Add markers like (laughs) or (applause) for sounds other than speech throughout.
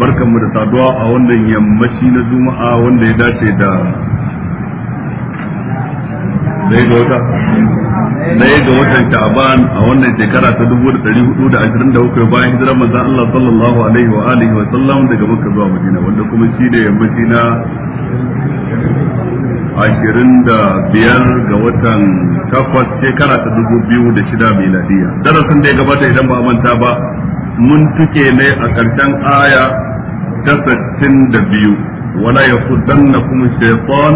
barkan mu da saduwa a wannan yammaci na juma'a wanda ya dace da dai ga wata dai ga watan a wannan shekara ta 1427 bayan hijirar manzon Allah sallallahu alaihi wa alihi wa sallam daga Makka zuwa Madina wanda kuma shi ne yammaci na ashirin da biyar ga watan takwas shekara ta dubu biyu da shida miladiya darasin da ya gabata idan ba manta ba mun tuke ne a ƙarshen aya biyu wala yasuddannakum shaytan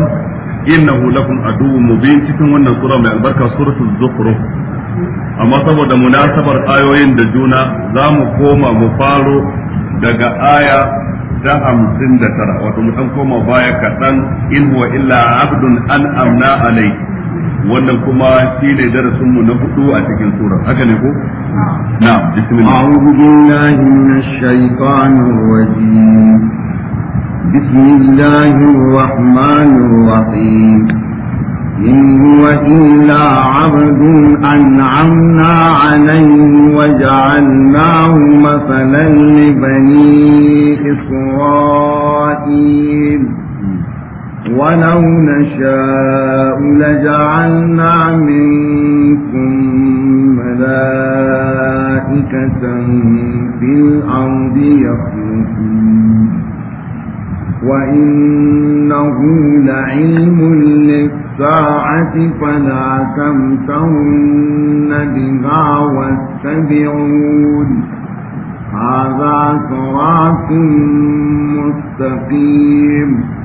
innahu lakum aduwwun mubin cikin wannan sura mai albarka suratul zukhruf amma saboda munasabar ayoyin da juna za mu koma mu faro daga aya ta hamsin da tara wato mu koma baya kaɗan in illa abdun an amna alai wannan kuma ne darasin mu na hudu a cikin sura haka ne ko na'am bismillah a'udhu billahi minash shaitanir rajim bismillahir rahmanir rahim إن هو إلا عبد أنعمنا عليه وجعلناه مثلا لبني إسرائيل ولو نشاء لجعلنا منكم ملائكة في الأرض يخلصون وإنه لعلم للساعة فلا تمترن بها واتبعون هذا صراط مستقيم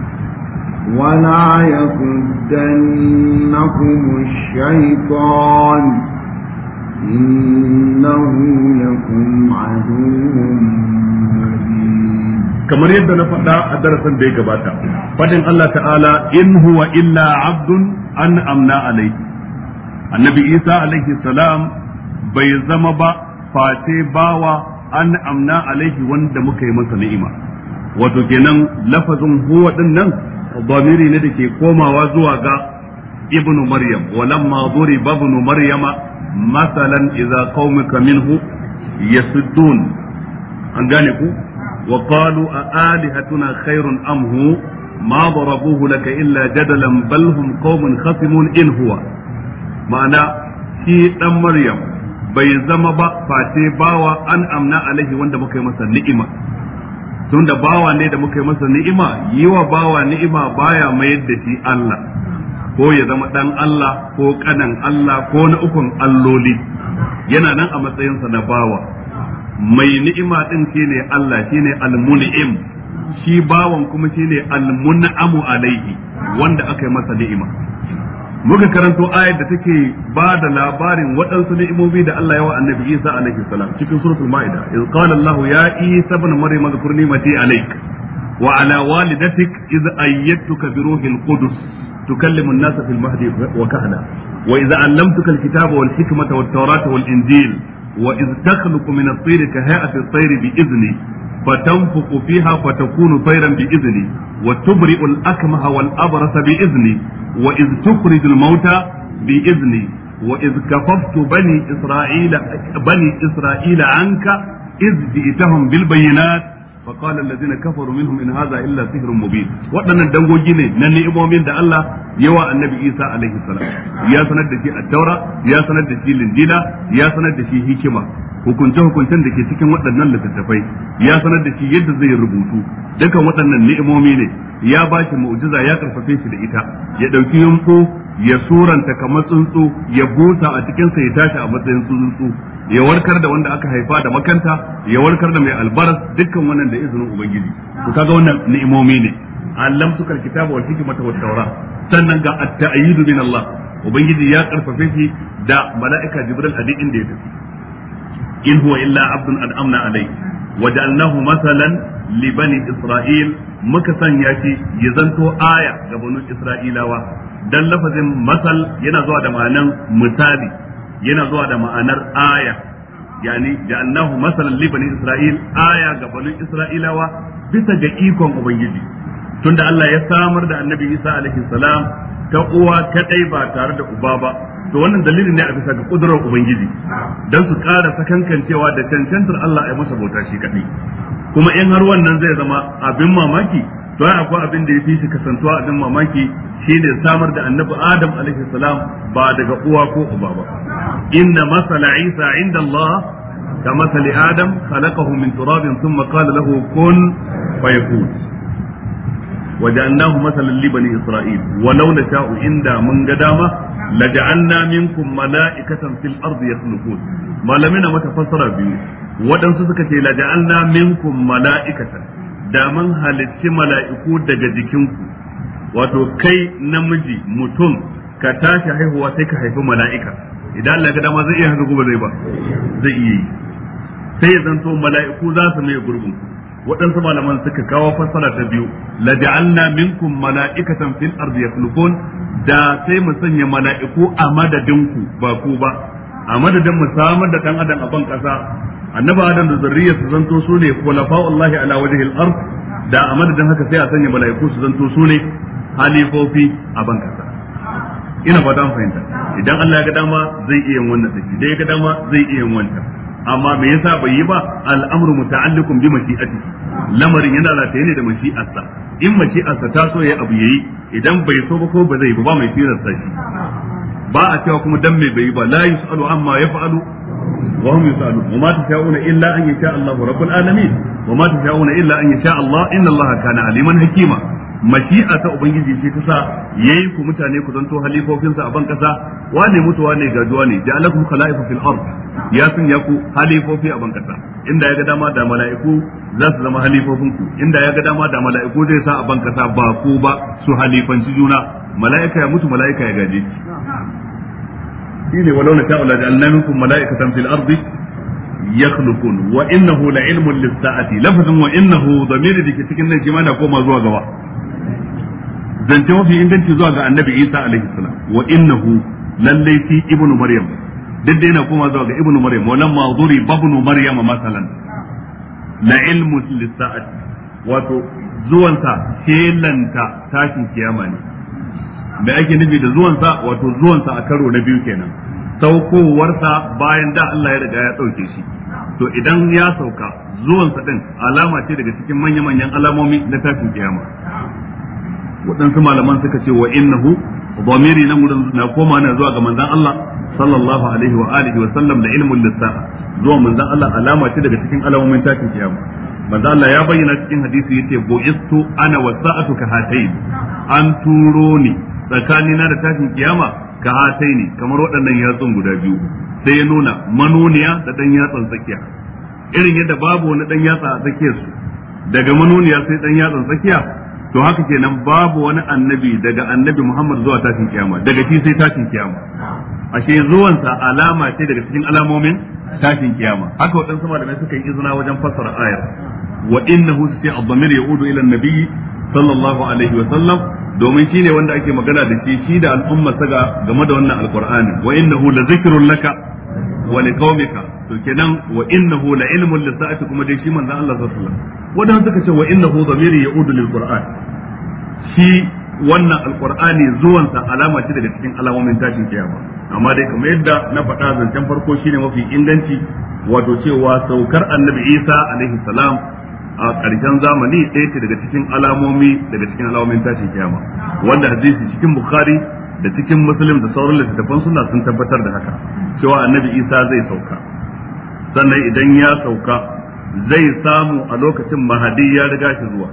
ولا يصدنكم الشيطان إنه لكم عدو kamar yadda na faɗa a darasin da ya gabata faɗin Allah ta'ala in huwa illa abdun an amna alaihi annabi isa alaihi salam bai zama ba face bawa an amna alaihi wanda muka yi masa ni'ima wato kenan lafazin huwa din ضميري ندكي كوما وزوغا ابن مريم ولما ضرب ابن مريم مثلا إذا قومك منه يسدون أنجانكو وقالوا أآلهتنا خير أم هو ما ضربوه لك إلا جدلا بل هم قوم خصمون إن هو معنى shi dan Maryam bai zama ba face bawa an amna alaihi wanda muka yi masa ni'ima Tunda bawa ne da muka yi masa ni'ima yi wa bawa ni'ima baya mayar da shi Allah ko ya zama ɗan Allah ko kanan Allah ko na ukun alloli yana nan a matsayinsa na bawa mai ni'ima din shine Allah shine al-mun'im shi bawan kuma shine al-mun'amu alaihi wanda aka yi masa ni'ima muka karanto ayar da take ba da labarin waɗansu ni'imomi da Allah ya wa annabi Isa alaihi salam cikin suratul maida iz qala Allah ya Isa ibn Maryam adhkur ni'mati alayk wa ala walidatik iz ayyatuka bi ruhil qudus tukallimu an-nasa fil mahdi wa kahla wa iz allamtuka al-kitaba wal hikmata wat tawrata wal injil wa iz takhluqu min at-tayri ka hay'ati at-tayri bi idhni فتنفق فيها فتكون طيرا بإذني وتبرئ الأكمه والأبرص بإذني وإذ تخرج الموتى بإذني وإذ كففت بني إسرائيل بني إسرائيل عنك إذ جئتهم بالبينات فقال الذين كفروا in haza illa sihirin mu مبين waɗannan dangogi ne na ni'imomin da Allah yawa annabi Isa alaihi salam ya sanar da shi at ya sanar da shi linjila ya sanar da shi hikima hukunce hukuncen da ke cikin waɗannan littattafai ya sanar da shi yadda zai rubutu dukan waɗannan ni'imomi ne ya ba shi mu'jiza ya karfafe shi da ita ya ɗauki yanko ya suranta kamar tsuntsu ya busa a cikin sa ya tashi a matsayin tsuntsu ya warkar da wanda aka haifa da makanta ya warkar da mai albaras dukkan wannan da izinin ubangiji to kaga wannan ni'imomi ne allam sukal kitaba wa hikmata mata tawra sannan ga atta'idu min Allah ubangiji ya karfafe shi da mala'ika jibril a inda ya tafi in huwa illa abdun an'amna alai waja'alnahu masalan li bani isra'il muka sanya shi ya zanto aya ga banu isra'ilawa dan lafazin masal yana zuwa da ma'anar misali yana zuwa da ma'anar aya yani annahu masalan li bani isra'il aya ga bani isra'ilawa bisa ga ikon ubangiji tunda Allah ya samar da annabi Isa alaihi salam ta uwa kadai ba tare da uba ba to wannan dalilin ne a bisa ga kudurar ubangiji dan su kara sakankancewa da cancantar Allah ya masa bauta shi kadai kuma in har wannan zai zama abin mamaki don akwai abin da ya fi shi kasantuwa abin mamaki shine samar da annabi adam alaihi salam ba daga uwa ko uba ba inna masala isa inda allah ka masali adam khalaqahu min turabin thumma qala lahu kun fayakun وجعلناه مثلا لبني اسرائيل ولو نشاء عند من قدامه لجعلنا منكم ملائكة في الارض يخلقون ما لمنا متفسر بيو ودن سكتي لجعلنا منكم ملائكة da mun halitti mala'iku daga jikinku wato kai namiji mutum ka tashi haihuwa sai ka haifi mala'ika idan Allah ga dama zai iya haka gobe zai ba zai iya yi sai ya zanto mala'iku za su mai gurbin waɗansu malaman suka kawo fassara ta biyu la ja'alna minkum mala'ikatan fil ardi yakhluqun da sai mu sanya mala'iku a madadinku ba ku ba a madadin mu samar da dan adam a ban kasa annabi adam da zurriyar su zanto su ne wallahi ala wajhil ard da a madadin haka sai a sanya mala'iku su zanto su ne halifofi a ban kasa ina fata an fahimta idan Allah ya ga dama zai iya yin wannan din idan ya ga dama zai iya yin wannan amma me yasa bai yi ba al'amru muta'alliqun bi mashi'ati lamarin yana rataye ne da mashi'arsa in mashi'arsa ta so yayi abu yayi idan bai so ba ko ba zai ba ba mai tirar sa shi ba a cewa kuma dan me bai yi ba la yusalu amma yaf'alu وهم يسألون وما تشاءون إلا أن يشاء الله رب العالمين وما تشاءون إلا أن يشاء الله إن الله كان عليما حكيما mashi'a ta ubangiji ce ta sa yayi ku mutane ku zanto halifofin sa a ban kasa wane mutuwa ne ga gajuwa ne ja'alakum khala'ifa fil ard ya sun ya ku halifofi a ban kasa inda ya ga dama da mala'iku za su zama halifofin ku inda ya ga dama da mala'iku zai sa a ban kasa ba ku ba su halifanci juna mala'ika ya mutu mala'ika ya gaje shine walau la ta'ala ja'alna minkum mala'ikatan fil ardi yakhluqun wa innahu la'ilmun lis-sa'ati lafazun wa innahu dhamiri dake cikin nan kima na koma zuwa gaba zance mafi inganci zuwa ga annabi Isa alaihi salam wa innahu lallai fi ibnu maryam duk da yana koma zuwa ga ibnu maryam wa lamma duriba ibnu maryam masalan la ilmu lis-sa'ati wato zuwansa shelanta tashin kiyama ne da ake nufi da zuwansa wato zuwansa a karo na biyu kenan saukowarsa bayan da Allah ya riga ya dauke shi to idan ya sauka zuwansa din alama ce daga cikin manya-manyan alamomi na tashin kiyama waɗansu malaman suka ce wa innahu dhamiri na gurin na koma na zuwa ga manzon Allah sallallahu alaihi wa alihi wa sallam da ilmul lissa zuwa manzon Allah alama ce daga cikin alamomin tashin kiyama manzo Allah ya bayyana cikin hadisi yace bu'istu ana wasa'atu ka hatayn an turo ni tsakanina da tashin kiyama ka atai ne kamar waɗannan yatsun guda biyu sai ya nuna manoniya da ɗan yatsan tsakiya irin yadda babu wani ɗan yatsa a tsakiyar su daga manoniya sai ɗan yatsan tsakiya to haka kenan babu wani annabi daga annabi Muhammad zuwa tashin kiyama daga shi sai tashin kiyama ashe zuwansa alama ce daga cikin alamomin tashin kiyama haka waɗansu malamai suka yi izina wajen fassara ayar wa innahu sai ad yaudu ila an-nabi sallallahu alaihi wa sallam domin shine wanda ake magana da shi shi da al'umma saga game da wannan alqur'ani wa innahu la zikrun laka wa liqaumika to kenan wa innahu la ilmun lisa'ati kuma dai shi manzon Allah sallallahu alaihi wa sallam wadan suka ce wa innahu dhamiri yaudu lil-qur'an shi wannan alkur'ani zuwan sa alama ce daga cikin alamomin tashin kiyama amma dai kamar yadda na faɗa zancen farko shine mafi inganci wato cewa saukar annabi Isa alaihi salam a ƙarshen zamani ɗaya ce daga cikin alamomi daga cikin alamomin tashin kiyama wanda hadisi cikin bukhari da cikin muslim da sauran littattafan suna sun tabbatar da haka cewa annabi Isa zai sauka sannan idan ya sauka zai samu a lokacin mahadi ya riga shi zuwa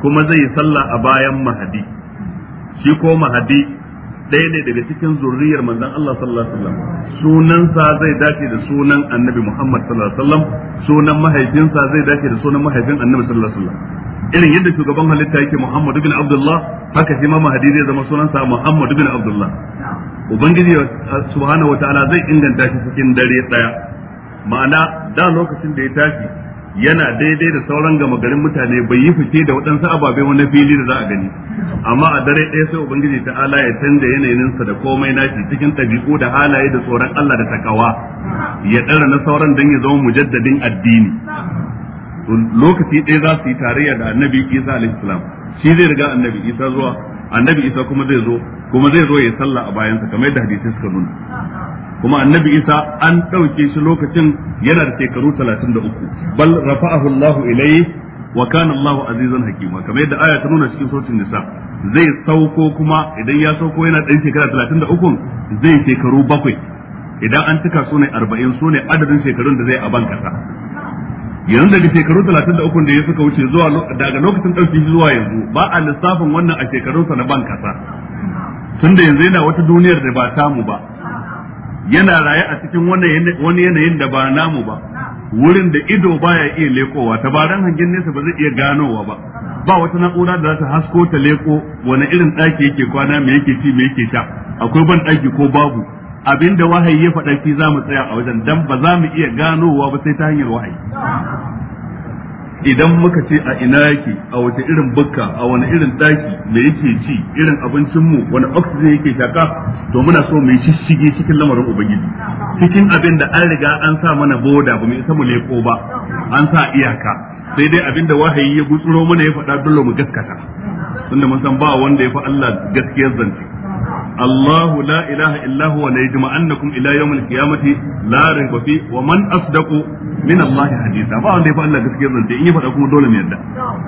kuma zai yi sallah a bayan mahadi shi ko mahadi ɗaya ne daga cikin zurriyar manzon Allah sallallahu alaihi wasallam sunansa zai dace da sunan annabi Muhammad sallallahu alaihi wasallam sunan mahaifinsa zai dace da sunan mahaifin annabi sallallahu alaihi wasallam irin yadda shugaban halitta yake Muhammad ibn Abdullah haka shi ma mahadi zai zama sunansa Muhammad ibn Abdullah ubangiji subhanahu wataala zai inganta shi cikin dare daya ma'ana da lokacin da ya tashi yana daidai da sauran gama garin mutane bai yi fice da waɗansu ababe wani fili da za a gani amma a dare ɗaya sai ubangiji ta ala ya canza yanayinsa da komai nashi cikin ɗabi'u da halaye da tsoron Allah da takawa ya ɗara na sauran don ya zama mujaddadin addini lokaci ɗaya za su yi tarayya da annabi isa alaihissalam shi zai riga annabi isa zuwa annabi isa kuma zai zo kuma zai zo ya sallah a bayansa kamar yadda hadisi suka nuna kuma annabi isa an ɗauke shi lokacin yana da shekaru 33 bal rafa'ahu Allahu ilayhi wa kana Allahu azizan hakima kamar yadda aya ta nuna cikin sautin nisa zai sauko kuma idan ya sauko yana ɗan shekara 33 zai shekaru bakwai idan an cika su ne 40 su ne adadin shekarun da zai a banka kasa yanzu daga shekaru 33 da ya suka wuce zuwa daga lokacin ɗauki zuwa yanzu ba a lissafin wannan a shekarunsa na banka kasa tunda yanzu yana wata duniyar da ba tamu ba yana raye a cikin wani yanayin da ba namu ba wurin da ido baya iya lekowa ta tabaran hangen nesa ba zai iya ganowa ba ba wata na'ura da za ta hasko ta leko wani irin ɗaki yake kwana me yake ci me yake sha akwai ban ɗaki ko babu abinda wahayi ya faɗa shi za mu tsaya a wajen dan ba za mu iya ganowa ba sai ta hanyar wahayi idan muka ce a ina yake a wace irin bukka a wani irin daki me yake ci irin abincin mu wani oxygen yake shaka to muna so mu yi shishige cikin lamarin ubangiji cikin abin da an riga an sa mana boda ba mu isa mu leko ba an sa iyaka sai dai abin da wahayi ya gutsuro mana ya faɗa dole mu gaskata tunda mun san ba wanda ya fi Allah gaskiyar zance الله لا إله إلا هو ليجمعنكم إلى يوم القيامة لا ريب فيه ومن أصدق من الله حديثا ba wanda ya faɗa gaskiyar zance in ya faɗa kuma dole mu yadda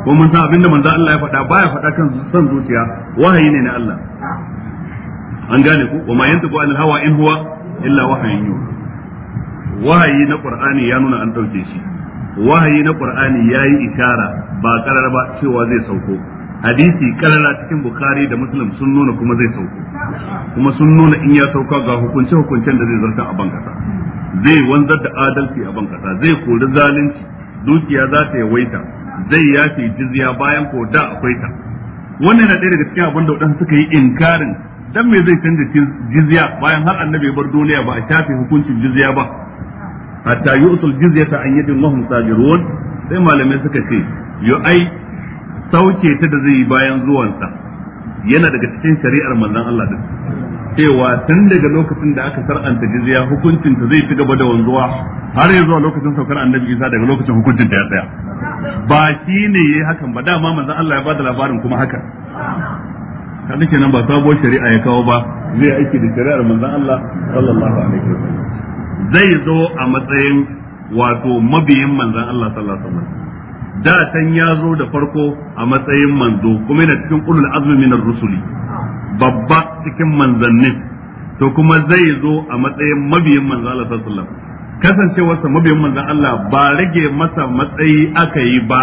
ko mun san abinda manzo Allah ya faɗa baya faɗa kan son zuciya wahayi ne na Allah an gane ku wa ma yantiqu anil hawa in huwa illa wahyun yuha wahayi na Qur'ani ya nuna an dauke shi wahayi na Qur'ani yayi isharar ba karar ba cewa zai sauko hadisi kalala cikin bukhari da muslim sun nuna kuma zai sauko kuma sun nuna in ya sauka ga hukunce hukuncen da zai zarta a bankasa zai wanzar da adalci a bankasa zai kori zalunci dukiya za ta yawaita zai yafe jizya bayan ko da akwai ta wannan na ɗaya daga cikin abin da wadansu suka yi inkarin dan me zai canza jizya bayan har annabi bar duniya ba a shafe hukuncin jizya ba hatta yu'tul jizyata an yadin lahum sajirun sai malamai suka ce yu ai sauke ta da zai bayan zuwansa yana daga cikin shari'ar manzon Allah din cewa tun daga lokacin da aka sar'anta jizya hukuncin ta zai ci gaba da wanzuwa har ya zuwa lokacin saukar annabi Isa daga lokacin hukuncin ta ya tsaya ba shi ne yayi hakan ba dama manzon Allah ya bada labarin kuma haka kada nan ba sabuwar shari'a ya kawo ba zai aiki da shari'ar manzon Allah sallallahu alaihi wasallam zai zo a matsayin wato mabiyin manzon Allah sallallahu alaihi wasallam da san ya zo da farko a matsayin manzo kuma yana cikin ulul azmi ar rusuli babba cikin manzannin to kuma zai zo a matsayin mabiyin manzo Allah sallallahu alaihi wasallam kasancewarsa mabiyin manzo Allah ba rage masa matsayi aka yi ba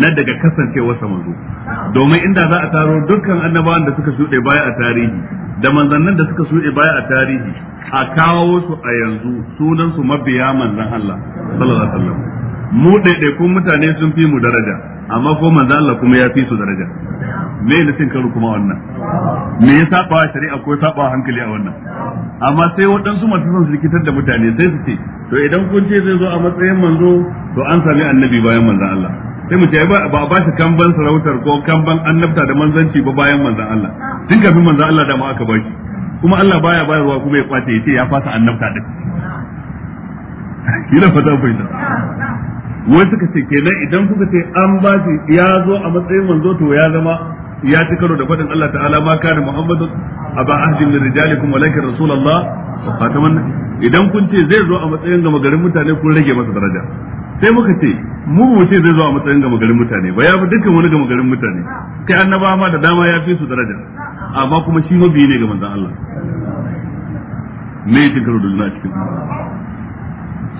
na daga kasancewarsa manzo domin inda za a taro dukkan annabawan da suka shuɗe baya a tarihi da manzannin da suka shuɗe baya a tarihi a kawo su a yanzu sunan su mabiya manzon Allah sallallahu alaihi wasallam mu ɗaiɗaikun mutane sun fi mu daraja amma ko manzo Allah kuma ya fi su daraja me ne cin karo kuma wannan me ya saba wa shari'a ko saba hankali a wannan amma sai waɗansu masu son su rikitar da mutane sai su ce to idan kun ce zai zo a matsayin manzo to an sami annabi bayan manzo Allah sai mu ce ba a ba shi kamban sarautar ko kamban annabta da manzanci ba bayan manzo Allah tun kafin manzo Allah da ma aka ba shi kuma Allah baya bayarwa kuma ya kwace ya ce ya fasa annabta din (laughs) kila fata fahimta wai suka ce kenan idan kuka ce an ba shi ya zo a matsayin manzo to ya zama ya ci karo da faɗin Allah ta'ala ma kana Muhammadu aba ahdin min rijalikum walakin rasulullah fataman idan kun ce zai zo a matsayin gama garin mutane kun rage masa daraja sai muka ce mu mu ce zai zo a matsayin gama garin mutane ba ya fi dukkan wani gama garin mutane kai annaba ma da dama ya fi su daraja amma kuma shi mabiyi ne ga manzon Allah me ya ci karo da cikin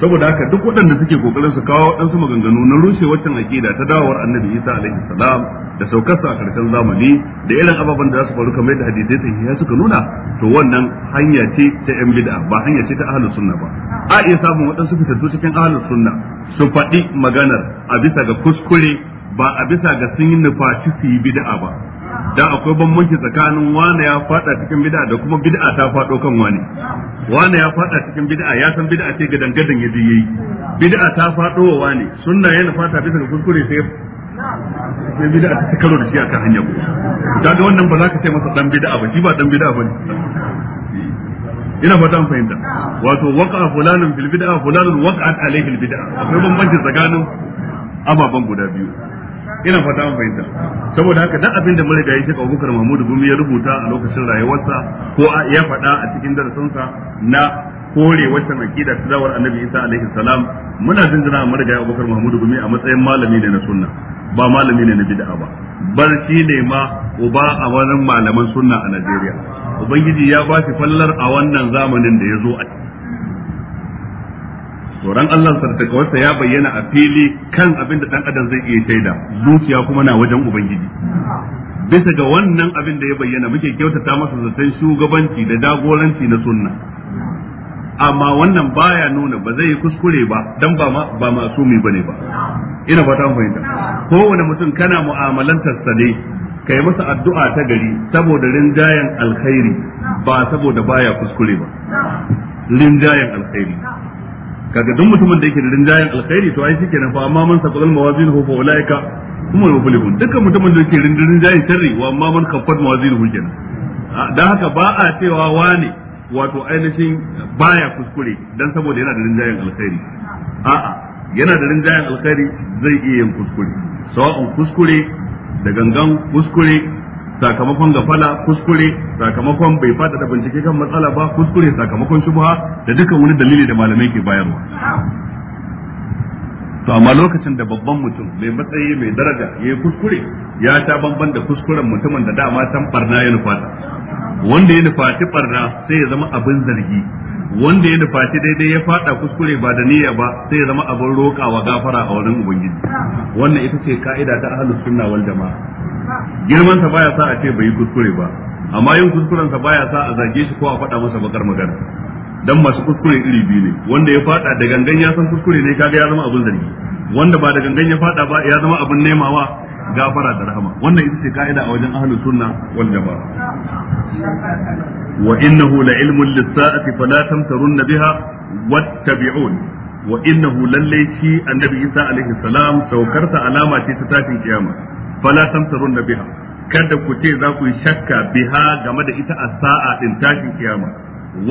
saboda haka duk waɗanda suke kokarin su kawo waɗansu maganganu na rushe waccan aƙida ta dawowar annabi isa alaihi salam da saukarsa a ƙarshen zamani da irin ababen da za su faru kamar yadda hadisai sahiha suka nuna to wannan hanya ce ta yan bid'a ba hanya ce ta ahlus sunna ba a iya samun waɗansu fitattu cikin ahlus sunna su faɗi maganar a bisa ga kuskure ba a bisa ga sun yi nufa su yi bid'a ba dan akwai bambanci tsakanin wane ya fada cikin bid'a da kuma bid'a ta fado kan wane wane ya fada cikin bid'a ya san bid'a ce gadan gadan yaji yayi bid'a ta fado wa wane sunna yana fata bisa ga kuskure sai sai bid'a ta karo da shi a kan hanya ko kaga wannan ba za ka ce masa dan bid'a ba shi ba dan bid'a bane ina fata an fahimta wato waqa fulanun bil bid'a fulanun waqa'at alayhi al bid'a akwai bambanci tsakanin ababan guda biyu ina fata an fahimta saboda haka duk abin da mulka yake ka bukar Mahmud Gumi ya rubuta a lokacin rayuwarsa ko a ya faɗa a cikin sa na kore wata makida ta Annabi Isa alaihi salam muna jinjina mu riga Abubakar Mahmud Gumi a matsayin malami ne na sunna ba malami ne na bid'a ba bar shi ne ma uba a wannan malaman sunna a Najeriya ubangiji ya ba shi fallar a wannan zamanin da ya zo a tsoron Allah sa da wasa ya bayyana a fili kan abin da dan adam zai iya shaida zuciya kuma na wajen ubangiji bisa ga wannan abin da ya bayyana muke kyautata masa zaton shugabanci da dagoranci na sunna amma wannan baya nuna ba zai yi kuskure ba dan ba ba masumi bane ba ina fata mun fahimta kowane mutum kana mu'amalantar sa ne kai masa addu'a ta gari saboda rinjayen alkhairi ba saboda baya kuskure ba rinjayen alkhairi kaga duk mutumin da yake da rinjayen alkhairi to ai shikenan fa amma man saqal mawazinuhu fa ulaika humul muflihun dukkan mutumin da yake da rinjayen sharri wa amma man mawazin hu kenan ah, dan haka ba a cewa wane wato ainihin baya kuskure dan saboda yana da rinjayen alkhairi a'a yana da rinjayen alkhairi zai iya yin kuskure sawa'un kuskure da gangan kuskure sakamakon gafala kuskure sakamakon bai fada da bincike kan matsala ba kuskure sakamakon shubha da dukkan wani dalili da malamai ke bayarwa to amma lokacin da babban mutum mai matsayi mai daraja ya yi kuskure ya ta banban da kuskuren mutumin da dama tan barna ya nufata wanda ya nufati barna sai ya zama abin zargi wanda ya nufa shi daidai ya fada kuskure ba da niyya ba sai ya zama abin wa gafara a wurin ubangiji wannan ita ce ka'ida ta ahlus sunna wal jama'a girman sa baya sa a ce bai yi kuskure ba amma yin kuskuren sa baya sa a zage shi ko a faɗa masa bakar magana dan masu kuskure iri biyu ne wanda ya fada da gangan ya san kuskure ne kaga ya zama abin zargi wanda ba da gangan ya fada ba ya zama abin nemawa gafara da rahama wannan ita ce ka'ida a wajen ahlus sunna wal jama'a wa innahu la ilmun lis-sa'ati fala tamtarun biha wattabi'un wa innahu lalle shi annabi Isa alaihi salam saukarsa alama ce ta tashin kiyama fala tamtarun biha kada ku ce za ku yi shakka biha game da ita a sa'a din tashin kiyama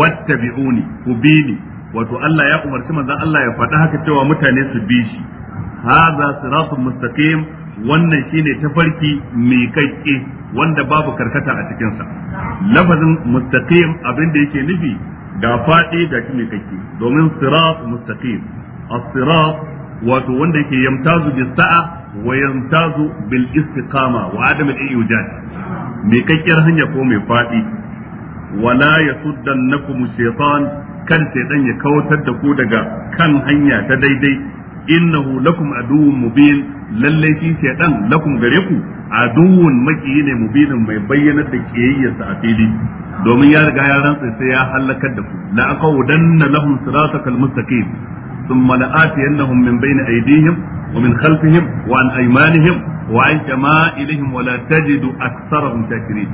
wattabi'uni ku bi ni wato Allah ya umarci manzon Allah ya faɗa haka cewa mutane su bi shi hadha siratun mustaqim wannan shine tafarki mai kaike wanda babu karkata a cikinsa lafazin mustaqim abin da yake nufi ga faɗi da shi mai kaike domin sirat mustaqim as-sirat wato wanda yake yamtazu bis sa'a wa yamtazu bil istiqama wa adam al iyujad mai kakkiyar hanya ko mai faɗi wala yasuddannakum shaytan kan sai dan ya kawatar da ku daga kan hanya ta daidai innahu lakum aduwwun mubin lallai shi shaydan lakum gare ku aduwwun maki ne mubinin mai bayyanar da kiyayyar a fili domin ya riga ya rantsa ya halakar da ku la aqawdanna lahum siratakal mustaqim thumma la'atiyannahum min bayni aydihim wa min khalfihim wa an aymanihim wa an shama'ilihim wa la tajidu aktsarahum shakirin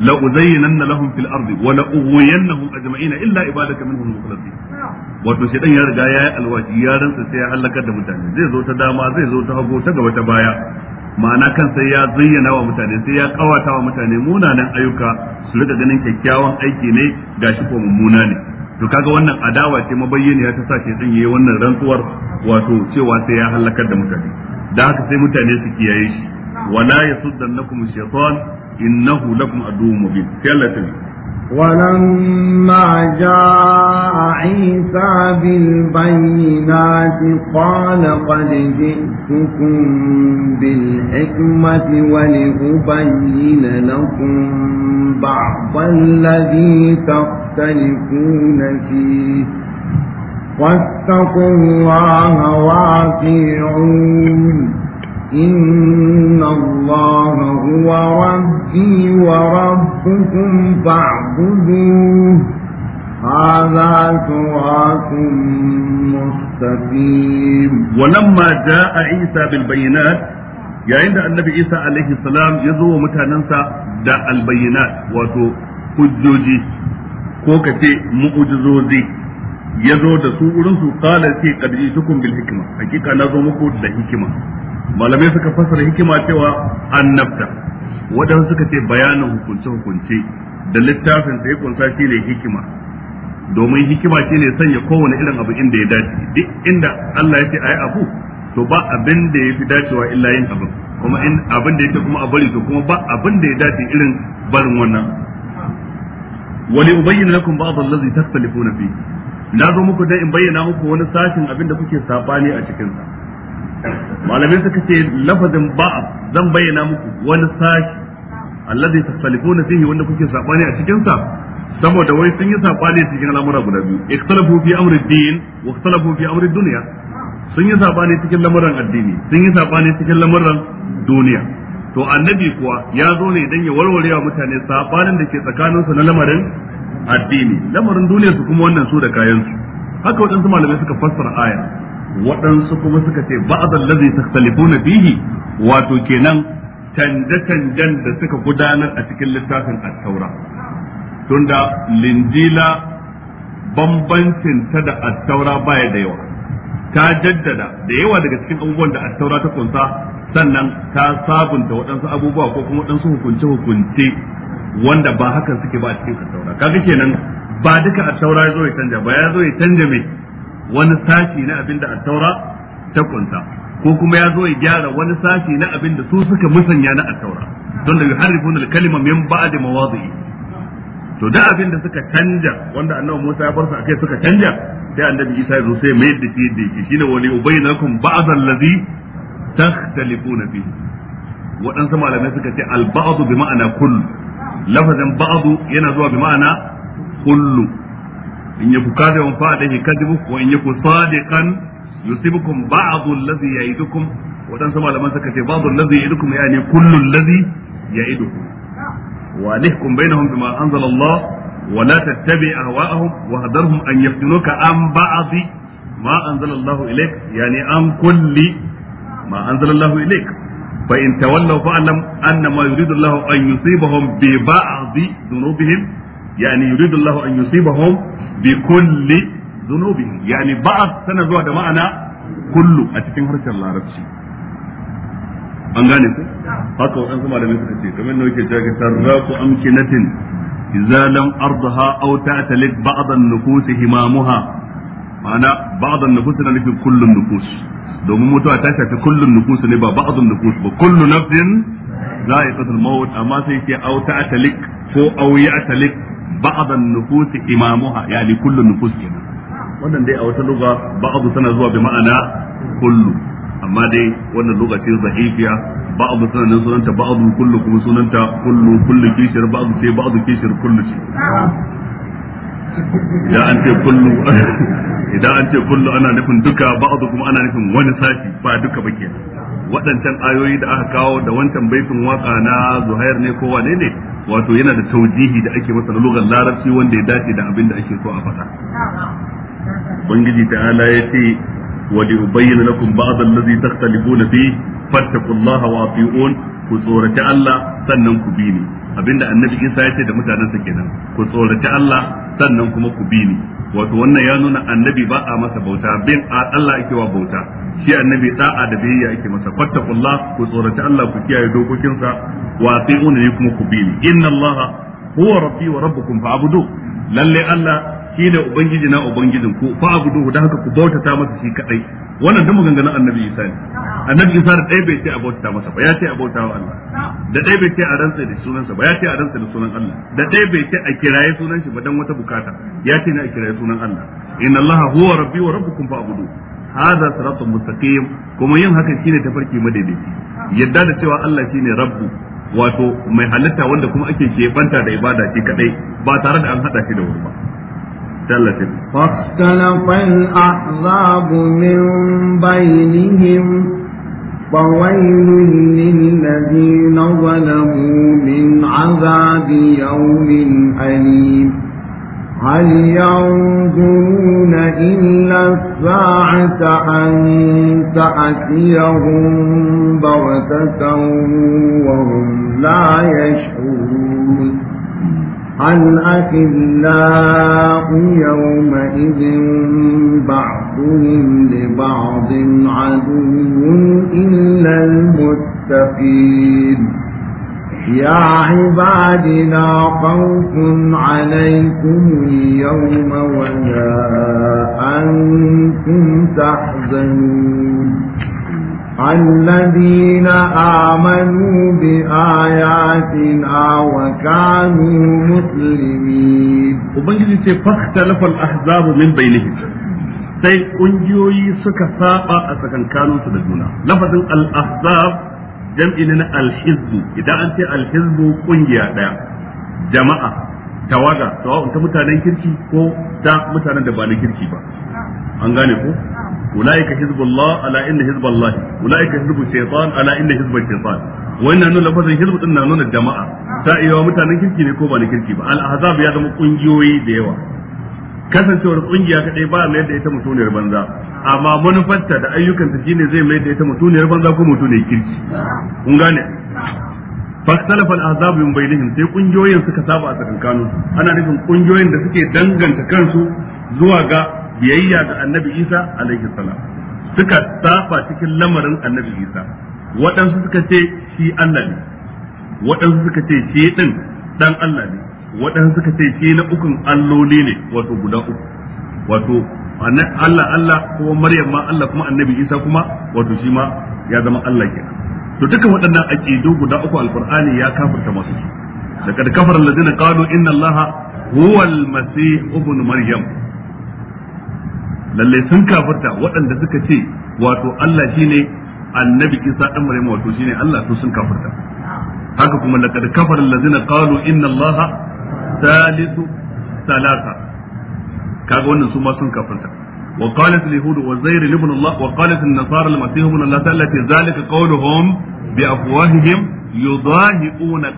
la uzayyinanna lahum fil ardi wa la ughwiyannahum ajma'ina illa ibadaka minhum al wato ya riga ya yi alwaji ya rantsa sai ya halakar da mutane zai zo ta dama zai zo ta hago ta gaba ta baya ma'ana kan sai ya zayyana wa mutane sai ya kawata wa mutane munanan ayyuka su rika ganin kyakkyawan aiki ne gashi ko mummuna ne to kaga wannan adawa ce ya ta sa shedan yayi wannan rantsuwar wato cewa sai ya halakar da mutane da haka sai mutane su kiyaye shi wala yasuddannakum shaytan إنه لكم عدو مبين كلا ولما جاء عيسى بالبينات قال قد جئتكم بالحكمة ولأبين لكم بعض الذي تختلفون فيه واتقوا الله واطيعون إن الله هو ربي وربكم فاعبدوه هذا صراط مستقيم ولما جاء عيسى بالبينات yayin da annabi isa alaihi salam ya zo wa mutanensa da albayinat wato hujjoji ko ka ce ya zo da su wurin su kala ce kad itukum bil hikma hakika na zo muku da hikima malamai suka fassara hikima cewa an nafta wadanda suka ce bayanin hukunce hukunce da littafin sai kunsa ne hikima domin hikima ne sanya kowane irin abu inda ya dace duk inda Allah ya ce ayi abu to ba abin da ya fi dacewa illa yin abin kuma in abin da ya ce kuma a bari to kuma ba abin da ya dace irin barin wannan wali ubayyin lakum ba'd allazi takhtalifuna fi na zo muku dai in bayyana muku wani sashin abin da kuke sabani a cikin sa malamin suka ce lafazin ba'a zan bayyana muku wani sashi alladhi tastalifuna fihi wanda kuke sabani a cikin sa saboda wai sun yi sabani cikin al'amura guda biyu ikhtalafu fi amri din wa ikhtalafu fi amri dunya sun yi sabani cikin lamuran addini sun yi sabani cikin lamuran duniya to annabi kuwa ya zo ne dan ya warware wa mutane sabanin da ke tsakaninsu na lamarin addini lamarin duniya su kuma wannan su da kayan su haka wadansu malamai suka fassara aya waɗansu kuma suka ce ba'dal ladhi na fihi wato kenan canje-canjen da suka gudanar a cikin littafin a taura tunda linjila bambancin ta da a taura baya da yawa ta jaddada da yawa daga cikin abubuwan da a taura ta kunsa sannan ta sabunta waɗansu abubuwa ko kuma waɗansu hukunce hukunce wanda ba hakan suke ba a cikin taura kaga kenan ba duka a taura ya zo ya canja ba ya zo ya canja mai wani sashi na abin da attaura ta kunta ko kuma ya zo ya gyara wani sashi na abin da su suka musanya na attaura don da yuharrifuna al-kalima min ba'di mawadi'i to da abin da suka canja wanda annabi Musa ya bar su akai suka canja sai annabi Isa ya zo sai mai da shi yadda yake shine wali ubaynakum ba'd allazi takhtalifuna fihi waɗansu malamai suka ce al-ba'd bi ma'ana kullu lafazin ba'd yana zuwa bi ma'ana kullu in yaku kadiban fa alaihi kadibu wa in yaku sadiqan yusibukum ba'dhu allazi ya'idukum wadansu malaman suka ce ba'dhu allazi ya'idukum yani kullu allazi ya'idukum wa alihkum bainahum bima anzala Allah wa la tattabi ahwa'ahum wa hadarhum an yaftinuka an ba'd ma anzala Allah ilayk yani an kulli ma anzala Allah ilayk فإن تولوا فاعلم أن ما يريد الله أن يصيبهم ببعض ذنوبهم yani yuridu Allahu an zuwa da ma'ana kullu a cikin harshen larabci an gane ku haka wadan kuma da suka ce kamar nauke jage sarrafu amkinatin idza lam ardaha aw ta'talik ba'd an-nufus himamuha ma'ana ba'd an-nufus na nufin kullun nufus domin mutuwa ta shafi kullun nufus ne ba ba'd an-nufus ba kullu nafsin za'iqatul maut amma sai ke ta'talik ko aw ya'talik ba'd an-nufus imamuha yani kullu nufus kenan wannan dai a wata lugha ba'd tana zuwa bi ma'ana kullu amma dai wannan lugha ce zahifiya ba'd tana nan sunanta ba'd kullu kuma sunanta kullu kullu kishir ba'd sai ba'd kishir kullu ce idan an ce kullu (laughs) idan an ce kullu ana nufin duka ba'd kuma ana nufin wani sati ba duka ba kenan waɗancan ayoyi da aka kawo da wancan baitin waka na zuhair ne ko wane ne wato yana da taujihi da ake masa lugar larabci wanda ya dace da abin da ake so a faɗa ubangiji 'Ala ya ce wa li ubayyana lakum ba'd allazi takhtalifuna fi fattaqullaha wa ati'un ku tsorata Allah sannan ku bi ni abinda annabi Isa ya ce da mutanensa kenan ku tsorata Allah sannan kuma ku bi ni wato wannan ya nuna annabi ba a masa bauta bin Allah ake wa bauta shi annabi da'a da biyayya yake masa fattaqullah ku tsoraci Allah ku kiyaye dokokinsa wa ati'una ni kuma ku bi ni inna Allah huwa rabbi wa rabbukum fa'budu lalle Allah shi shine ubangiji na ubangijin ku fa'budu da haka ku ta masa shi kadai wannan duk maganganun annabi Isa ne annabi Isa da ɗaya bai ce a bautata masa ba ya ce a bauta wa Allah da ɗaya bai ce a rantsa da sunansa ba ya ce a rantsa da sunan Allah da ɗaya bai ce a kiraye sunan shi ba dan wata bukata ya ce ne a kiraye sunan Allah inna Allah huwa rabbi wa rabbukum fa'budu hada siratun mustaqim kuma yin haka shine tafarki madaidaici yadda da cewa Allah shine rabbu wato mai halitta wanda kuma ake keɓanta da ibada shi kadai ba tare da an hada shi da wani ba tallafi fastalafan ahzabu min bainihim فويل للذين ظلموا من عذاب يوم أليم هل ينظرون إلا الساعة أن تأتيهم بغتة وهم لا يشعرون أخلاء يومئذ بعضهم لبعض عدو إلا المتقين يا عباد لا خوف عليكم اليوم ولا أنتم تحزنون الذين آمنوا بآياتنا وكانوا مسلمين وبنجد فاختلف الأحزاب من بينهم sai ƙungiyoyi suka saba a tsakankaninsu da juna lafazin al-ahzab jam'i ne na alhizbu idan an ce alhizbu kungiya daya jama'a tawaga tawa'un ta mutanen kirki ko ta mutanen da ba na kirki ba an gane ko ulaika hizbullah ala inna hizballah ulaika hizbu shaytan ala inna hizbu shaytan wannan nuna lafazin hizbu din na nuna jama'a ta iya mutanen kirki ne ko ba na kirki ba al ahzab ya zama kungiyoyi da yawa kasancewar kungiya kadai ba mai da ita mutuniyar banza amma manufarta da ayyukanta shine zai mai da ita mutuniyar banza ko mutuniyar kirki kun gane al الاحزاب min bainihim sai kungiyoyin suka saba a tsakankanu ana nufin kungiyoyin da suke danganta kansu zuwa ga biyayya ga annabi Isa alaihi salam suka saba cikin lamarin annabi Isa waɗansu suka ce shi Allah ne waɗansu suka ce shi ɗin dan Allah ne waɗansu suka ce shi na ukun alloli ne wato guda uku wato Allah Allah kuma Maryam ma Allah kuma Annabi Isa kuma wato shi ma ya zama Allah kenan to duka waɗannan aqidu guda uku alqur'ani ya kafirta masu su laqad kafara alladhina qalu inna allaha huwa almasih ibn maryam lalle sun kafirta waɗanda suka ce wato Allah shine annabi Isa dan Maryam wato shine Allah to sun kafirta haka kuma laqad kafara alladhina qalu inna allaha salisu salasa kaga wannan su ma sun kafirta zalika qawluhum bi afwahihim yudahiquna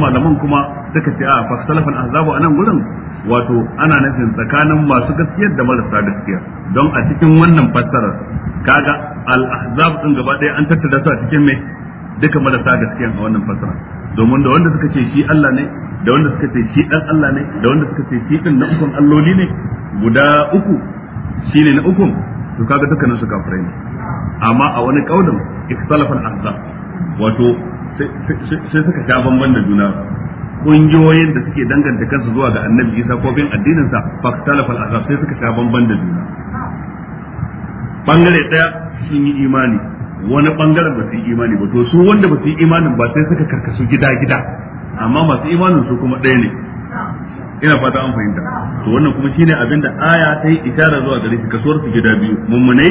malaman kuma a wato ana nufin tsakanin masu gaskiyar da marasa gaskiya don a cikin wannan fassarar kaga al-ahzab din gaba ɗaya an tattara su a cikin mai duka marasa gaskiya a wannan fassara domin da wanda suka ce shi Allah ne da wanda suka ce shi dan Allah ne da wanda suka ce shi din na ukun alloli ne guda uku shine na ukun to kaga dukkanin su kafirai ne amma a wani kaulin ikhtilafal ahzab wato sai suka ta bambanta da juna kungiyoyin da suke danganta kansu zuwa ga annabi isa ko bin addinin sa fa al sai suka sha bamban da juna bangare daya sun yi imani wani bangaren ba su yi imani ba to su wanda ba su yi imanin ba sai suka karkasu gida gida amma masu imanin su kuma ɗaya ne ina fata an fahimta to wannan kuma shine abin da aya ta yi isharar zuwa gare shi kasuwar su gida biyu mummunai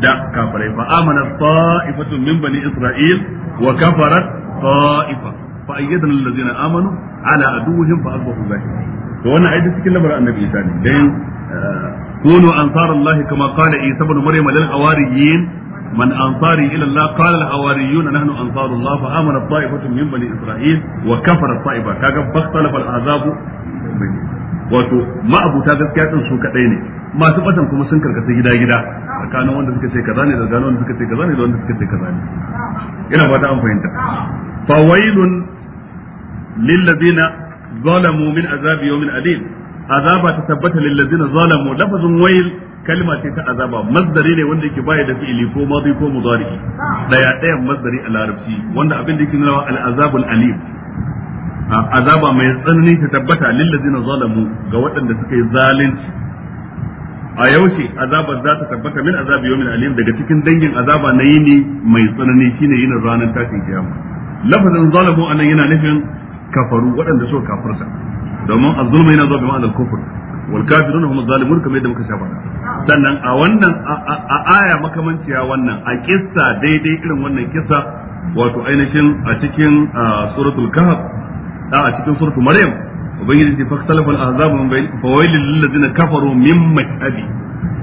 da kafirai fa amana ta'ifatun min bani isra'il wa kafarat ta'ifa fa ayyadna allazina amanu ala aduwwihim fa asbahu zahirin to wannan ayi cikin lamarin annabi Isa ne dan eh, kunu ansarallahi kama qala Isa ibn Maryam lil hawariyin من أنصاري إلى الله قال الحواريون نحن أنصار الله فآمن الطائفة من بني إسرائيل وكفر الطائفة كاغا فاختلف العذاب wato ma'abuta gaskiya din su kadai ne masu batan kuma sun karkata gida gida tsakanin wanda suka ce da gano wanda suka ce da wanda suka ce kaza an fahimta fawailun lillazina zalamu min azabi yawmin alim azaba ta tabbata lillazina zalamu lafazun wayl kalma ce ta azaba masdari ne wanda yake baya da fi'ili ko madi ko mudari daya dayan masdari a larabci wanda abin da yake nuna al azabul alim azaba mai tsanani ta tabbata lillazina zalamu ga waɗanda suka zalunci a yaushe azabar za ta tabbata min azabi yawmin alim daga cikin dangin azaba na mai tsanani shine ranar tashin kiyama lafazin zalamu anan yana nufin kafaru waɗanda suka kafirta domin az yana zuwa bi ma'anar wal kafiruna hum zalimun kamar yadda muka shafa sannan a wannan a aya makamanciya wannan a kissa daidai irin wannan kissa wato ainihin a cikin suratul kahf a cikin suratul maryam ubangiji ce fakhtalafa al-ahzabu min bayn fawailil kafaru min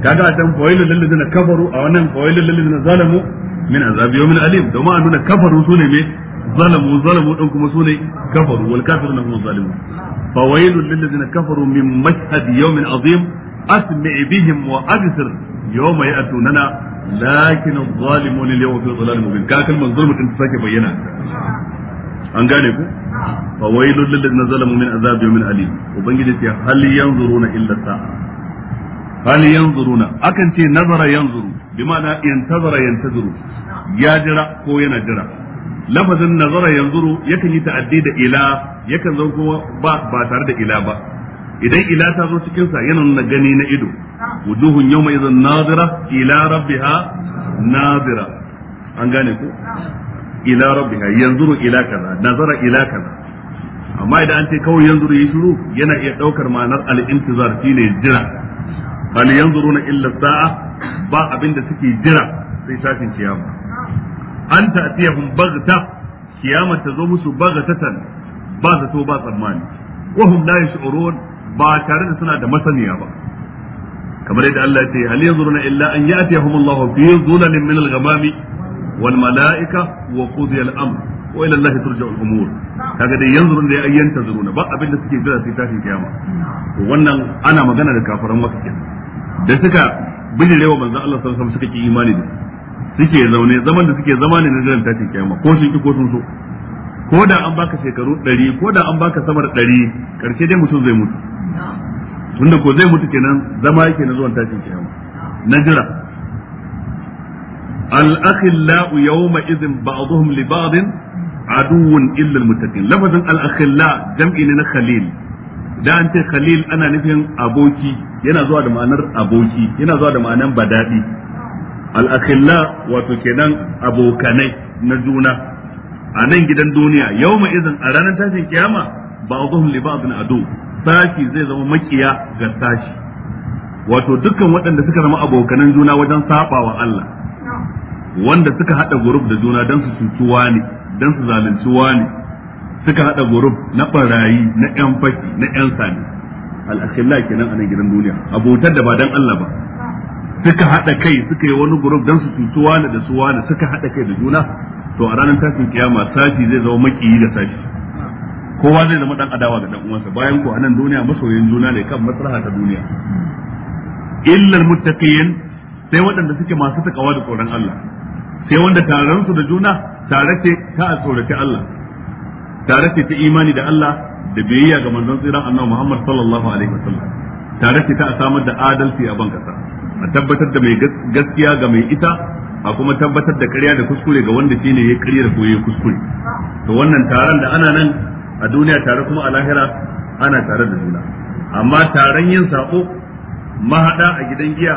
kaga a fawailil kafaru a wannan fawailil min yawmin alim domin nuna kafaru sune me zalamu zalamu din kuma sune kafaru wal kafiruna hum zalimun fa wailul lil ladina kafaru min mashhad yawmin azim asmi' bihim wa absir yawma ya'tunana lakin adh-dhalimuna al-yawma fi dhalalin mubin ka kalmar zulmu din take bayyana an gane ku fa wailul lil ladina zalamu min azab yawmin alim ubangiji ce hal yanzuruna illa akan ce nazara ya jira ko yana jira lafazin nazara yanzuru yakan yi ta'addi da ila yakan zo kuma ba ba tare da ila ba idan ila ta zo cikin sa yana nuna gani na ido wujuhun yawma idan nazira ila rabbiha nazira an gane ku ila rabbiha yanzuru ila kaza nazara ila kaza amma idan an ce kawai yanzuru yi shiru yana iya daukar ma'anar al-intizar shine jira hal yanzuruna illa sa'a ba abinda suke jira sai sashin kiyama an ta'tiyahum baghta kiyama ta zo musu baghtatan ba za zato ba tsammani wa hum la yash'urun ba tare da suna da masaniya ba kamar yadda Allah ya ce hal yanzuruna illa an ya'tiyahum Allahu fi dhulalin min al-ghamami wal mala'ika wa qudiya al-amr wa ila Allah turja'u al-umur kaga dai yanzurun da ayyan tazuruna ba abinda suke jira sai tashin kiyama wannan ana magana da kafiran Makka da suka bijirewa manzon Allah sallallahu alaihi wasallam suka ki imani da suke zaune zaman da suke zama ne na jiran tashin kiyama ko sun ki ko sun so ko da an baka shekaru ɗari ko da an baka samar ɗari ƙarshe dai mutum zai mutu tunda ko zai mutu kenan zama yake na zuwan tashin kiyama na jira al-akhillau yawma idhin ba'dhum li ba'dhin aduwwun illa al-muttaqin lafazin al-akhilla jam'i ne na khalil da an ce khalil ana nufin aboki yana zuwa da ma'anar aboki yana zuwa da ma'anar badadi al-akhilla wato kenan abokanai na juna a nan gidan duniya yau mai izin a ranar tashin kiyama ba'dhum liba abin ado, sashi zai zama makiya ga sashi wato dukkan waɗanda suka zama abokanan juna wajen sabawa Allah wanda suka haɗa gurub da juna dan su cutuwa ne dan su zalunci wani suka hada gurub na barayi na yan faki na yan sani al-akhilla kenan a nan gidan duniya abotar da ba dan Allah ba suka hada kai suka yi wani group dan su cutu wani da su wani suka hada kai da juna to a ranar tashin kiyama sashi zai zama makiyi da sashi kowa zai zama dan adawa ga dan uwansa bayan ko anan duniya masoyin juna ne kan maslaha ta duniya illal muttaqin sai waɗanda suke masu takawa da tsoron Allah sai wanda taron su da juna tare ce ta tsorace Allah tare ce ta imani da Allah da biyayya ga manzon tsira annabi Muhammad sallallahu alaihi wasallam tare ce ta samar da adalci a bankasa kasa a tabbatar da mai gaskiya ga mai ita a kuma tabbatar da karya da kuskure ga wanda shine ya karya da ya kuskure to wannan taron da ana nan a duniya tare kuma a lahira ana tare da juna amma taron yin sako mahada a gidan giya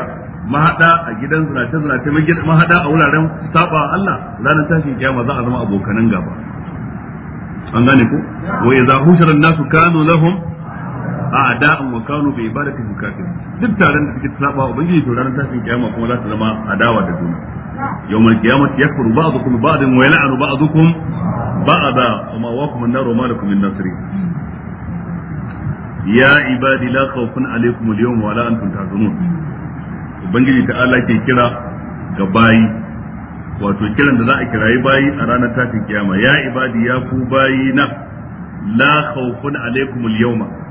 mahada a gidan zinace zinace mahada a wuraren saba Allah ranar tashin kiyama za a zama abokanan gaba an gane ko wa idza hushira nasu kanu lahum a da'an wa kanu bi ibadatihim kafir duk taron da suke saba ubangiji to ranar tashin kiyama kuma za su zama adawa da juna yawmal qiyamati yakfuru ba'dukum ba'dan wa yal'anu ba'dukum ba'da wa ma waqum an-nar wa ma lakum min nasirin ya ibadi la kira ga wato kiran da za a kirayi bayi a ranar tashin kiyama ya ibadi ya ku bayi na la khawfun alaikum yawma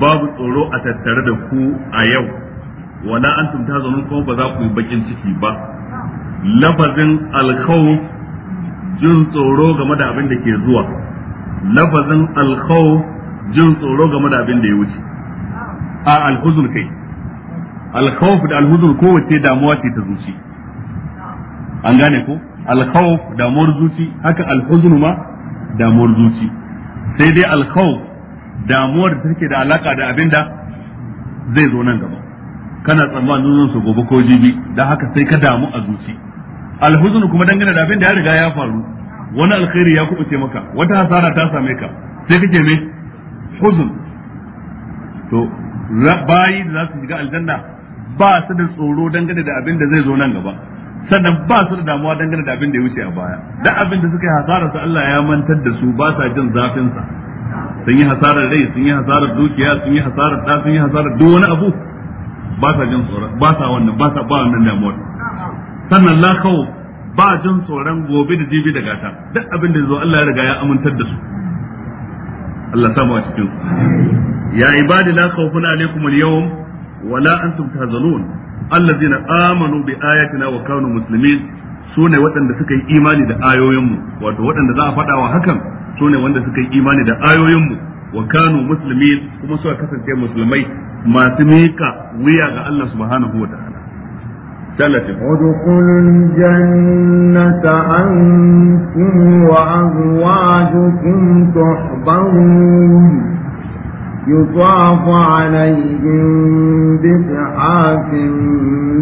babu tsoro a tattare da ku a yau wala antum tahzanun ko ba za ku yi bakin ciki ba lafazin alkhawf jin tsoro game da abin da ke zuwa lafazin alkhawf jin tsoro game da abin da ya wuce a alhuzun kai alkhawf da alhuzun kowace damuwa ce ta zuci an gane ko alkhawf damuwar zuci haka alhuzun ma damuwar zuci sai dai alkhawf damuwar da take da alaka da abin da zai zo nan gaba kana tsammanin zuwan su gobe ko jibi da haka sai ka damu a zuci alhuzun kuma dangane da abin da ya riga ya faru wani alkhairi ya kubuce maka wata hasara ta same ka sai kake me huzun to bayi da za su shiga aljanna ba su da tsoro dangane da abin da zai zo nan gaba sannan ba su da damuwa dangane da abin da ya wuce a baya da abin da suka yi hasara su Allah ya mantar da su ba sa jin zafinsa sun yi hasarar rai sun yi hasarar dukiya sun yi hasarar da sun yi hasarar duk wani abu ba sa jin tsoron ba sa wannan ba sa ba wannan damuwar sannan la kawo ba jin tsoron gobe da jibi da gata duk abin da zo Allah ya riga ya amintar da su Allah samu ba cikin ya ibadi la khawfun alaykum al-yawm wala antum tahzanun alladhina amanu bi ayatina wa kanu muslimin sune waɗanda suka yi imani da ayoyinmu wato waɗanda za a faɗa wa hakan ne wanda suka yi imani da ayoyinmu wa kanu muslimin kuma suka kasance musulmai masu mika wuya ga Allah subhanahu wataala ثلاثة ادخلوا الجنة أنتم وأزواجكم تحبرون يطاف عليهم بسحاف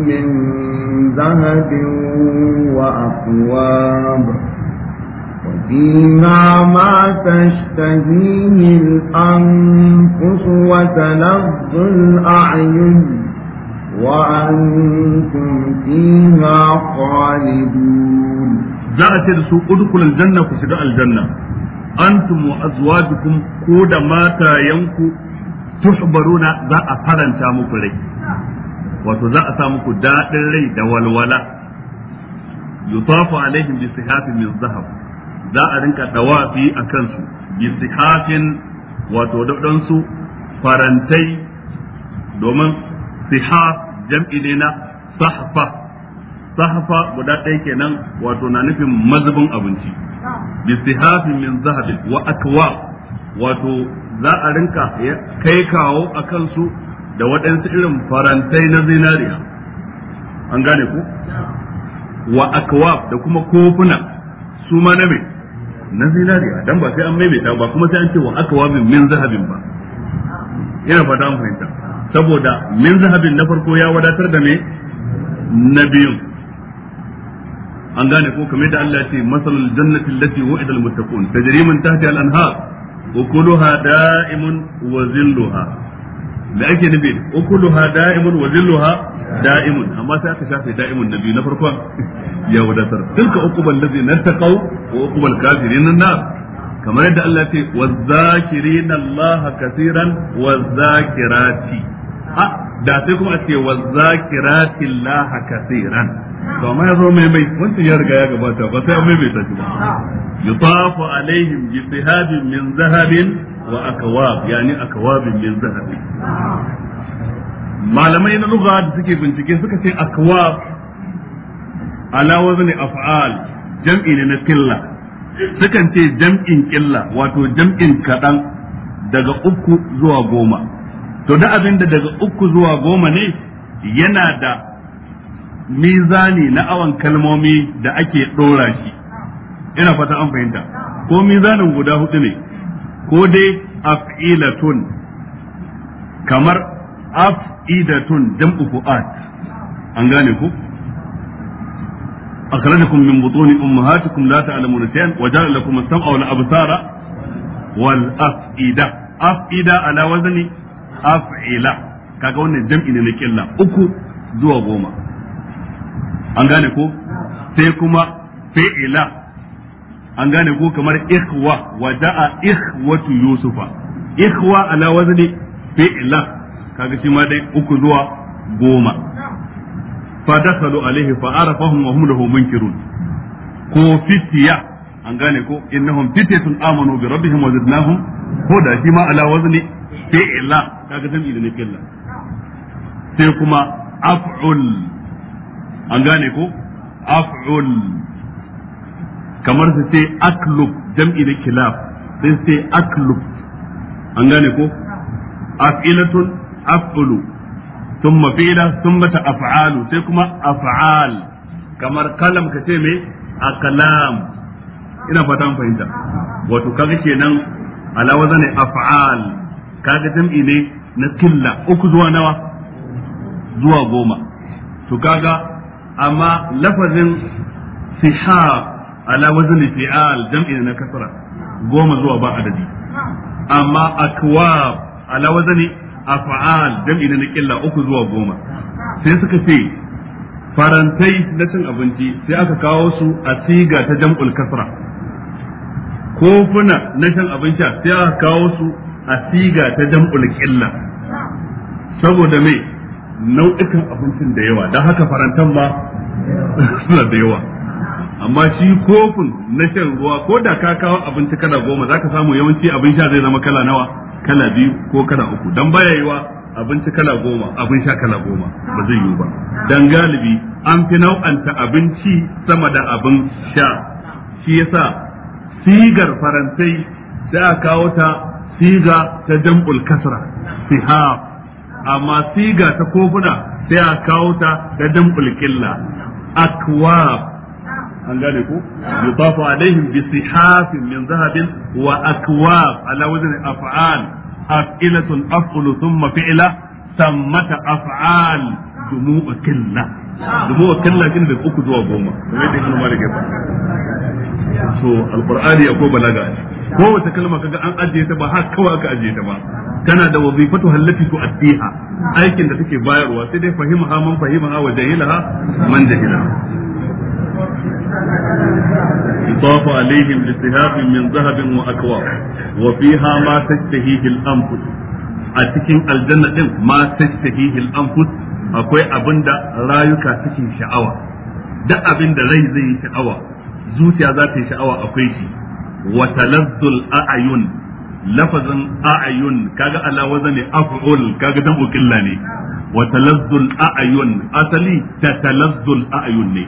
من ذهب وأكواب وفيها ما تشتهيه الأنفس وتلظ الأعين وأنتم فيها خالدون جاءت رسول ادخل الجنة فشداء الجنة أنتم وأزواجكم كود ماتا ينكو تحبرون ذا أفرن تامك لي وتذا أسامك دائر لي دولولا يطاف عليهم بصحات من ذهب za a rinka dawafi a kansu bi wato daɗansu farantai domin siha jam'i ne na sahafa. sahafa guda ɗaya kenan wato na nufin mazubin abinci bisihafin min zahabi wa akwa wato za a rinka kai kawo a kansu da waɗansu irin farantai na zinariya an gane ku wa akwa da kuma kofuna su ma na mai na zinariya dan ba sai an maimaita ba kuma sai an ce wa akawabin min zahabin ba ina fata an fahimta saboda min zahabin na farko ya wadatar da me na biyun an gane ko kamar da Allah ce masalul jannati allati wu'ida al muttaqun tajri min tahtiha al anhar ukuluha da'imun wa zilluha da ake nufi ukuluha da'imun wa zilluha da'imun amma sai aka shafe da'imun da biyu na farkon ya wadatar tilka uqubal ladzina taqaw wa uqubal kafirin nar kamar yadda Allah ya ce wazakirina Allah kaseeran wazakirati a da sai kuma a ce wa zakirati Allah kaseeran to amma yazo mai mai wanda ya riga ya gabata ba sai mai mai tafi ba yutafu alaihim bi sihabin min zahabin wa akwab yani akwabin min zahabin malamai na lugha da suke bincike suka ce akwab ala wazni af'al jam'i ne na killa sukan ce jam'in killa wato jam'in kadan daga uku zuwa goma to da abin da daga uku zuwa goma ne yana da mizani na awan kalmomi da ake ɗora shi ina fata an fahimta ko mizanin guda hudu ne ko dai af'ilatun kamar af'idatun jam'u fu'at an gane ku min la من shay'an wa لا lakum as-sam'a wal absara wal af'ida af'ida ala wazni af'ila kaga wannan jam'i ne na killa uku zuwa goma an gane ko sai kuma fi'ila an gane ko kamar ikhwa wa da'a ikhwatu yusufa ikhwa ala wazni fi'ila kaga shi ma dai uku zuwa goma fa dakhalu alaihi fa arafahum wa hum lahu munkirun ko fitiya an gane ko innahum fityatun amanu bi rabbihim wa zidnahum ko da shi ma ala wazni fi'la kaga jam'i ne la? sai kuma af'ul an gane ko af'ul kamar su ce aklub jam'i ne kilab sai su ce aklub an gane ko af'ilatun af'ulu thumma fi'la thumma af'alu sai kuma af'al kamar kalam ka ce me akalam ina fata an fahimta wato kaga kenan ala wazani af'al kaga jam'i ne na killa uku zuwa nawa zuwa goma to kaga amma lafazin sihab ala wazn fi'al jam'i na kasra goma zuwa ba adadi amma akwab ala wazn af'al jam'i na killa uku zuwa goma sai suka ce farantai na cin abinci sai aka kawo su a siga ta jam'ul kasra kofuna na cin abinci sai aka kawo su a siga ta jam'ul qilla saboda me nau'ikan abincin da yawa don haka farantan ma suna da yawa amma shi kofin na shan ruwa ko da ka kawo abinci kala goma za ka samu yawanci abin sha zai zama kala nawa kala biyu ko kala uku don baya yiwa abinci kala goma abin sha kala goma ba zai yiwu ba dan galibi an fi nau'anta abinci sama da abin sha shi yasa sigar farantai da kawo ta siga ta jam'ul kasra sihab amma siga ta kofuna sai a kawo ta da jam'ul killa akwab an gane ku yudafu alaihim bi sihafin min zahabin wa akwab ala wazn af'al af'ilatun af'ulu thumma fi'la sammata af'al jumu'u killa jumu'u killa kin da uku zuwa goma kamar da kuma malik ya faɗa so alqur'ani akwai balaga a kowace kalma kaga an ajiye ta ba har kawai aka ajiye ta ba tana da wazifatu hallati tu'addiha aikin da take bayarwa sai dai fahimaha man fahimaha wa jahilaha man jahilaha يطاف عليهم بسهاب من ذهب وأكواب وفيها ما تشتهيه الأنفس أتكين الجنة ما تشتهيه الأنفس akwai abin da rayuka suke sha'awa duk abin rai zai yi sha'awa zuciya za ta yi sha'awa akwai shi wa a'yun lafazin a'yun kaga ala wazani af'ul kaga dan ukilla ne wa a'yun asali ta talazzul a'yun ne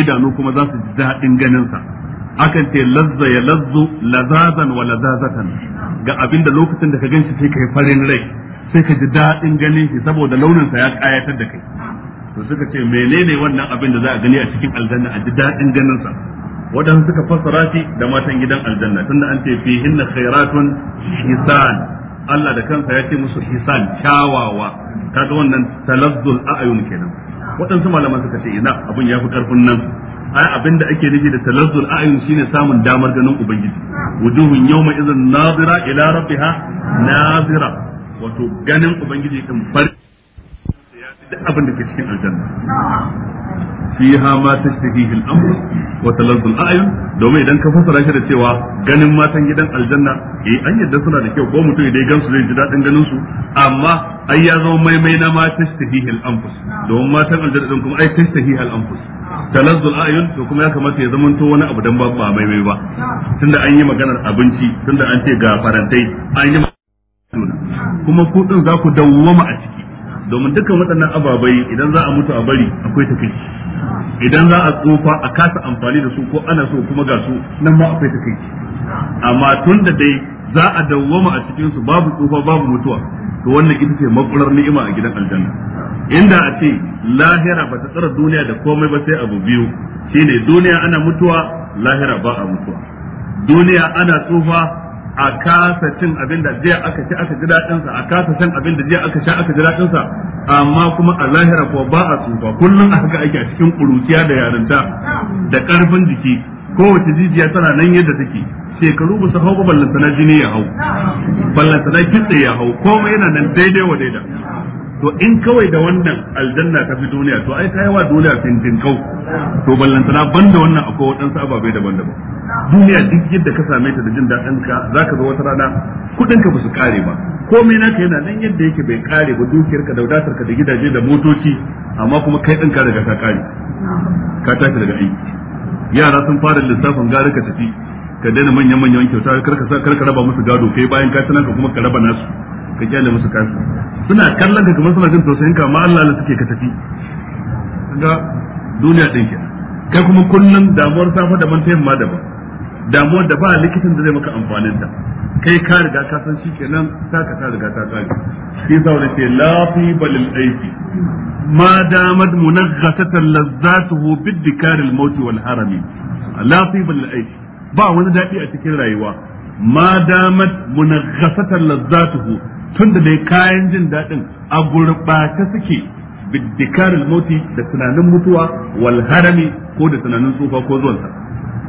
idanu kuma za su ji daɗin ganin sa akan ce lazza ya lazzu lazazan wa lazazatan ga abinda lokacin da ka ganshi sai kai farin rai sai ka ji daɗin ganin shi saboda launin sa ya kayatar da kai to suka ce menene wannan abin da za a gani a cikin aljanna a ji daɗin ganin sa wadan suka fassara shi da matan gidan aljanna tunda an ce fi hinna khairatun hisan Allah da kansa ya ce musu hisan kyawawa kaga wannan talazzul a'yun kenan wadansu malaman suka ce ina abun fi karfin nan ai abin da ake nufi da talazzul a'yun shine samun damar ganin ubangiji wujuhun yawma idhin nazira ila rabbiha nazira wato ganin ubangiji din farin abin da ke cikin aljanna fiha ma tashtahihi al-amr wa taladdu al-a'yun domin idan ka fassara shi da cewa ganin matan gidan aljanna eh an yadda suna da kyau ko mutum idan gansu zai ji dadin ganin su amma ai ya zama maimai na ma tashtahihi al-anfus domin matan aljanna din kuma ai tashtahihi anfus taladdu al to kuma ya kamata ya zamanto wani abu dan ba maimai ba tunda an yi maganar abinci tunda an ce ga farantai an yi kuma kudin za ku dawwama a ciki domin dukkan waɗannan ababai idan za a mutu a bari akwai tafi idan za a tsufa a kasa amfani da su ko ana so kuma ga su nan ma akwai takaici amma tun da dai za a dawwama a cikin su babu tsufa babu mutuwa to wannan ita ce makular ni'ima a gidan aljanna inda a ce lahira ba ta tsara duniya da komai ba sai abu biyu shine duniya ana mutuwa lahira ba a mutuwa duniya ana tsufa a kasa cin abin da jiya aka ci aka ji daɗin a kasa cin abin da jiya aka sha aka ji daɗin amma kuma a lahira ko ba a tsufa kullum a haka ake a cikin kuruciya da yarinta da karfin jiki kowace jijiya tana nan yadda take shekaru ba su hau ba ballantana jini ya hau ballantana kitse ya hau komai yana nan daidai wa daida to in kawai da wannan aljanna ta fi duniya to ai kai wa duniya fintin kau to na banda wannan akwai waɗansu ababe daban-daban duniya duk yadda ka same ta da jin daɗin ka zaka zo wata rana kuɗin ka ba su kare ba komai naka yana nan yadda yake bai kare ba dukiyar ka da wadatar ka da gidaje da motoci amma kuma kai din ka daga ka kare ka tashi daga aiki yara sun fara lissafin gari ka tafi ka daina manya-manyan kyauta kar ka raba musu gado kai bayan ka tana ka kuma ka raba nasu ka kyale musu kasu suna kallon ka kamar suna jin tausayin ka amma Allah Allah suke ka tafi ga duniya din ke kai kuma kullun damuwar safa da man tayin ma da ba damuwar da ba likitan da zai maka amfanin ta kai ka riga ka san shikenan saka ta riga ta kare shi yasa wani ce lafi balil aiki ma damat munaghasatan lazzatuhu bidikar al-maut wal harami lafi balil aiki ba wani dadi a cikin rayuwa ma damat munaghasatan lazzatuhu tunda dai kayan jin daɗin a gurɓata suke biddikar mauti da tunanin mutuwa wal harami ko da tunanin tsufa ko zuwansa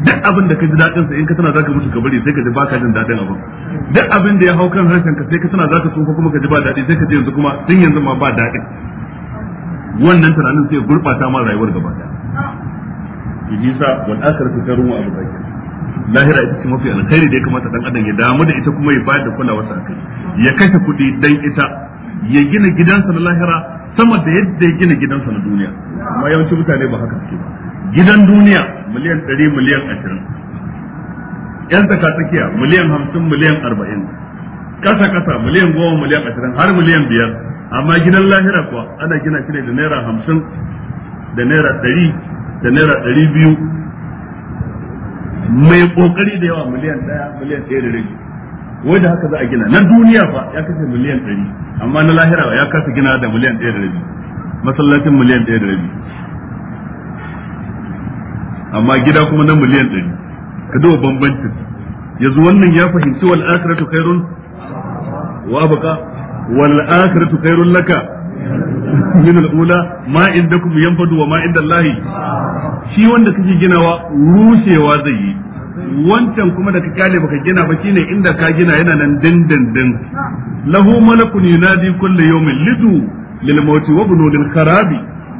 duk abin da ka ji daɗin sa in ka tana zaka mutu ka bari sai ka ji baka jin daɗin abin duk abin da ya hau kan harshen ka sai ka tana zaka tsufa kuma ka ji ba daɗi sai ka ji yanzu kuma din yanzu ma ba daɗin wannan tunanin sai gurɓata ma rayuwar gaba ɗaya yisa wal akhiratu khairun wa abqa lahira ita ce mafi alkhairi da ya kamata dan adam ya damu da ita kuma ya bayar da sa kai. ya kashe kuɗi dan ita ya gina gidansa na lahira sama da yadda ya gina gidansa na duniya amma yawanci mutane ba haka suke gidan duniya miliyan 100 miliyan 20 yan zaka tsakiya miliyan 50 miliyan 40 kasa kasa miliyan 10 miliyan 20 har miliyan 5 amma gidan lahira kuwa ana gina shi ne da naira 50 da naira 100 da naira 200 mai kokari da yawa miliyan 1 miliyan 1 da rage wai da haka za a gina na duniya fa ya kashe miliyan 100 amma na lahira ya kasa gina da miliyan ɗaya da rabi masallacin miliyan ɗaya da rabi amma gida kuma na miliyan 100 ka duba bambancin yanzu wannan ya fahimci wal akhiratu khairun wa abqa wal akhiratu khairun laka min al ula ma indakum yanfadu wa ma inda Allah shi wanda kake ginawa rushewa zai yi wancan kuma da ka kyale baka gina ba shine inda ka gina yana nan dindindin lahu malakun yunadi kullu yawmin lidu lil mauti wa bunu lil kharabi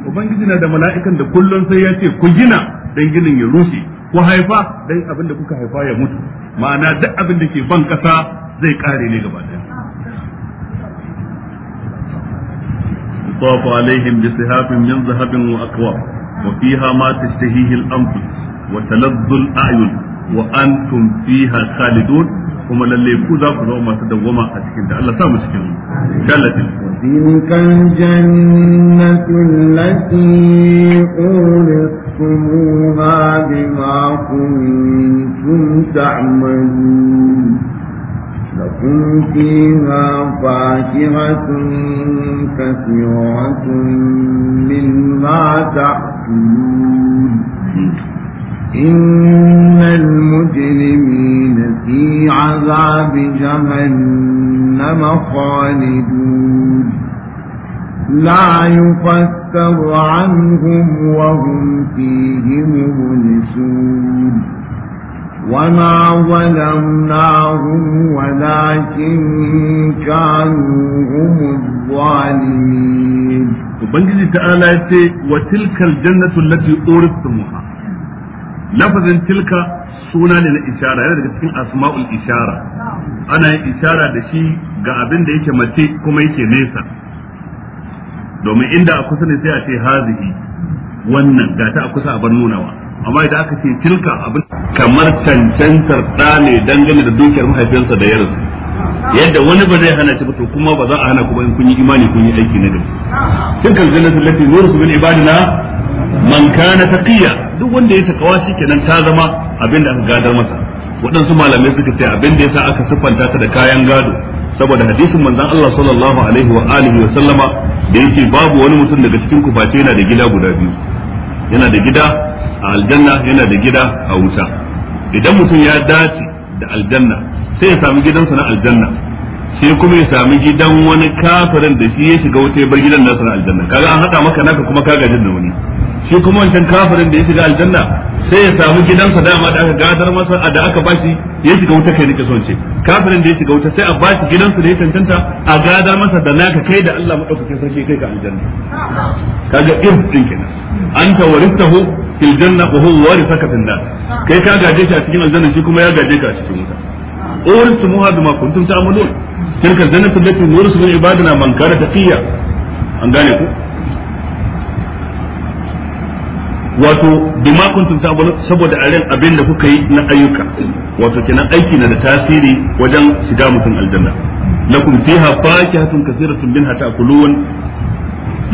ubangiji na da mala'ikan da kullun sai ya ce ku gina dan ginin ya rushe ku haifa dan abin da kuka haifa ya mutu ma'ana duk abin da ke ban kasa zai kare ne gaba daya يطاف عليهم بصحاف من ذهب وأكواب وفيها ما تشتهيه الأنفس وتلذ الأعين wa an fiha khalidun kuma lalle ku za ku zama masu dawwama a cikin da Allah sa mu cikin shallatin tilkan jannatu allati uritumuha bima kuntum ta'malun لكم فيها فاكهة كثيرة تأكلون إن المجرمين في عذاب جهنم خالدون لا يفتر عنهم وهم فيه مبلسون وما ظلمناهم ولكن كانوا هم الظالمين وبنجي تعالى وتلك الجنة التي أورثتموها lafazin tilka suna ne na ishara yana daga cikin asma'ul ishara ana yin ishara da shi ga abin da yake mace kuma yake nesa domin inda a kusa ne sai a ce hazihi wannan ga ta a kusa a bar nunawa amma idan aka ce tilka abin kamar cancantar da ne dangane da dukiyar mahaifinsa da yarinsa yadda wani ba zai hana shi ba to kuma ba za a hana ba in kun yi imani kun yi aiki na gari tilkal jannatu lati nurisu bin ibadina man kana taqiya duk wanda ya takawa kenan ta zama abinda aka gadar masa waɗansu malamai suka ce abinda sa aka siffanta ta da kayan gado saboda hadisin manzon Allah sallallahu alaihi wa alihi wa sallama da yake babu wani mutum daga cikin ku face yana da gida guda biyu yana da gida a aljanna yana da gida a wuta idan mutum ya dace da aljanna sai ya sami gidansa na aljanna sai kuma ya sami gidan wani kafirin da shi ya shiga wuta ya bar gidan nasa na aljanna kaga an hada maka naka kuma ka gaji da wani shi kuma wancan kafirin da ya shiga aljanna sai ya samu gidansa dama da aka gadar masa a da aka bashi ya shiga wuta kai nake son ce kafirin da ya shiga wuta sai a bashi gidansa da ya cancanta a gadar masa da naka kai da Allah madaukakin sarki kai ka aljanna kaga irin din kenan anta waristahu fil janna wa huwa warithaka fil nar kai ka gaje shi a cikin aljanna shi kuma ya gaje ka a cikin wuta urtumuha bima kuntum ta'malun tilka jannatu allati nurisu min ibadina man kana taqiya an gane ku wato bima kuntum saboda arin abin da kuka yi na ayyuka wato kenan aiki na da tasiri wajen shiga mutum aljanna lakum fiha fakihatun kathiratun minha ta'kulun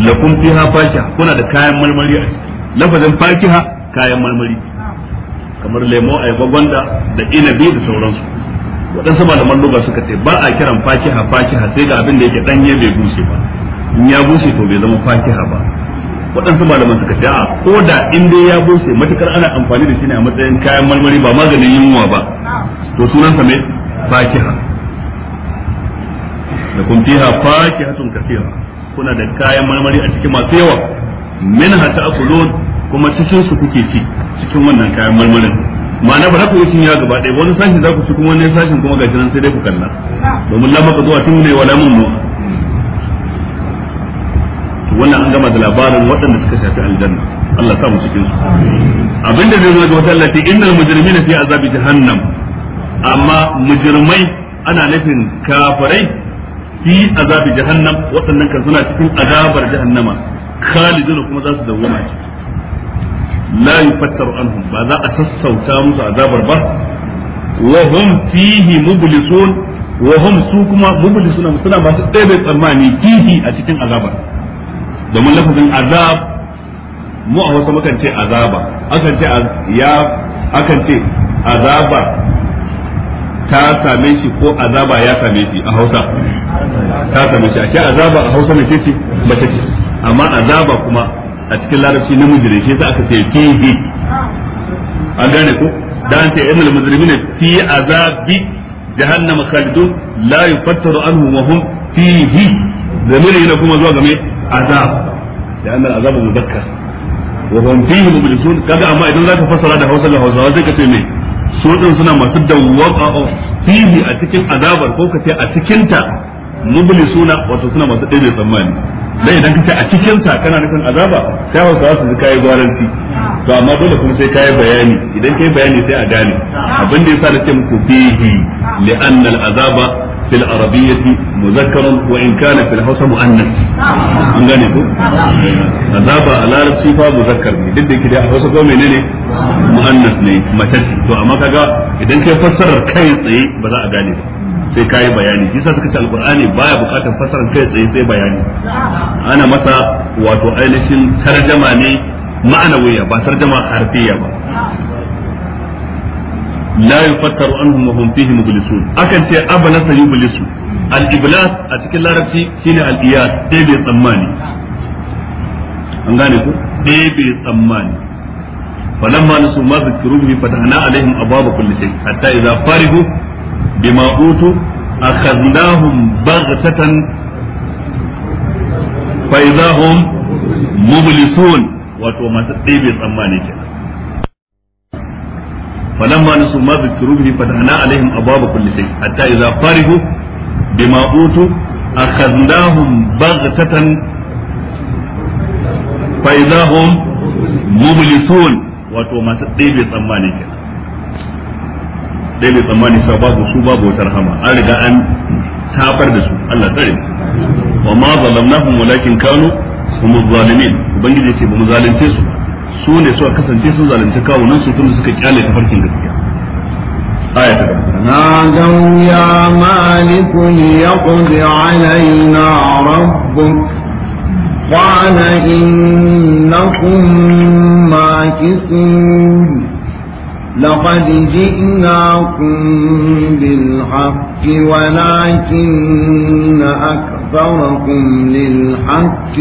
lakum fiha fakiha kuna da kayan marmari a ciki lafazin fakiha kayan marmari kamar lemo ayaba gwanda da inabi da sauransu waɗansu malaman lugha suka ce ba a kiran fakiha fakiha sai ga abin da yake danye bai bushe ba in ya bushe to bai zama fakiha ba waɗansu malaman suka ce a ko da in dai ya bushe matukar ana amfani da shi ne a matsayin kayan marmari ba maganin yunwa ba to sunan sa mai fakiha da kun fiha tun kafiya kuna da kayan marmari a cikin masu yawa min minha akulun kuma cikin su kuke ci cikin wannan kayan marmarin ma'ana ba za ku yi cin ya gaba ɗaya wani sashin za ku ci kuma wani sashin kuma ga nan sai dai ku kalla domin ba zuwa tun ne wa lamun mu wannan an gama da labarin waɗanda suka shafi aljanna Allah sa mu cikin su abinda zai zo daga wata Allah ce innal mujrimina fi azabi jahannam amma mujrimai ana nufin kafirai fi azabi jahannam waɗannan kan suna cikin azabar jahannama khalidun kuma za su dawwama ciki la yufattaru anhum ba za a sassauta musu azabar ba wa hum fihi mublisun wa hum su kuma mublisun suna masu ɗaya tsammani fihi a cikin azabar domin lafazin azab mu a wasu mukan ce azaba akan ce ya akan ce azaba ta same shi ko azaba ya same shi a Hausa ta same shi ashe azaba a Hausa mace ce mace ce amma azaba kuma a cikin larabci namiji ne sai aka ce fihi an gane ko da an ce innal ne fi azabi jahannam khalidun la yufattaru anhum wa hum fihi zamiri ne kuma zuwa game azab da annal azab muzakkar wa hum fihi mublisun kaga amma idan zaka fassara da Hausa ga Hausawa zai ka ce me su din suna masu dawwaba oh, fihi a cikin azabar ko kace a cikin ta mublisuna wato suna masu daidai tsammani dan idan kace a cikin ta kana nufin azaba sai Hausawa su ji kai gwaranti to amma dole kuma sai kai bayani idan kai bayani sai a gane abin da yasa nake muku fihi li annal azaba في العربية مذكر وإن كان في الحوصة مؤنث an gane ko azaba a larabci fa muzakkar ne duk da yake da hausa ko menene muannas ne mace to amma kaga idan kai fassarar kai tsaye ba gane ba sai kayi bayani shi yasa suka ce alqur'ani baya bukatar fassarar kai tsaye sai bayani ana masa wato ainihin tarjama ne ma'anawiya ba tarjama harfiya ba la yufattaru anhum wa hum fihi mublisun akan ce abalasa yublisu al-iblas a cikin larabci shine al-iyas a bai tsammani an gane ku dai bai tsammani falamma nasu ma zikiru bihi fatahna alaihim ababa kulli shay hatta idza farihu bima utu akhadnahum baghtatan fa idza hum mublisun wato masu ɗebe tsammani فلما نسوا ما ذكروا به فتحنا عليهم أبواب كل شيء حتى إذا فرحوا بما أوتوا أخذناهم بغتة فإذا هم مبلسون wato masu ɗebe tsammani ke ɗebe tsammani sa babu su babu wata rahama an riga an tafar da su Allah tsare wa ma zalamnahum walakin ce mu zalunce su su ne a kasance sun zalunci kawo nan su tunda suka kyale ta farkin gaskiya aya na ga ya maliku ya qudi alaina rabbuk قال إنكم ماكثون لقد جئناكم بالحق ولكن أكثركم للحق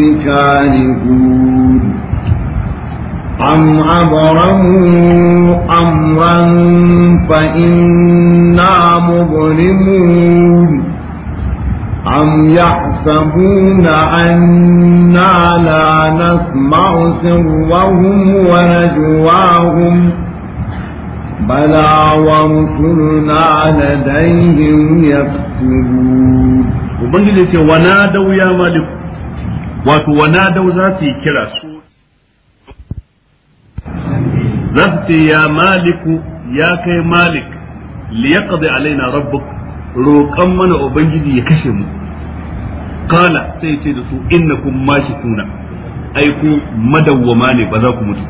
أم أبرموا أمرا فإنا مظلمون أم يحسبون أنا لا نسمع سرهم ونجواهم بلى ورسلنا لديهم يكتبون وبنجد ونادوا يا مالك ونادوا ذاتي كلا ذهبت يا مالك ya maliku ya kai malik ربك alaina من roƙan mana قال ya kashe mu kala sai ce da su ai ku madawwama ne ba za ku mutu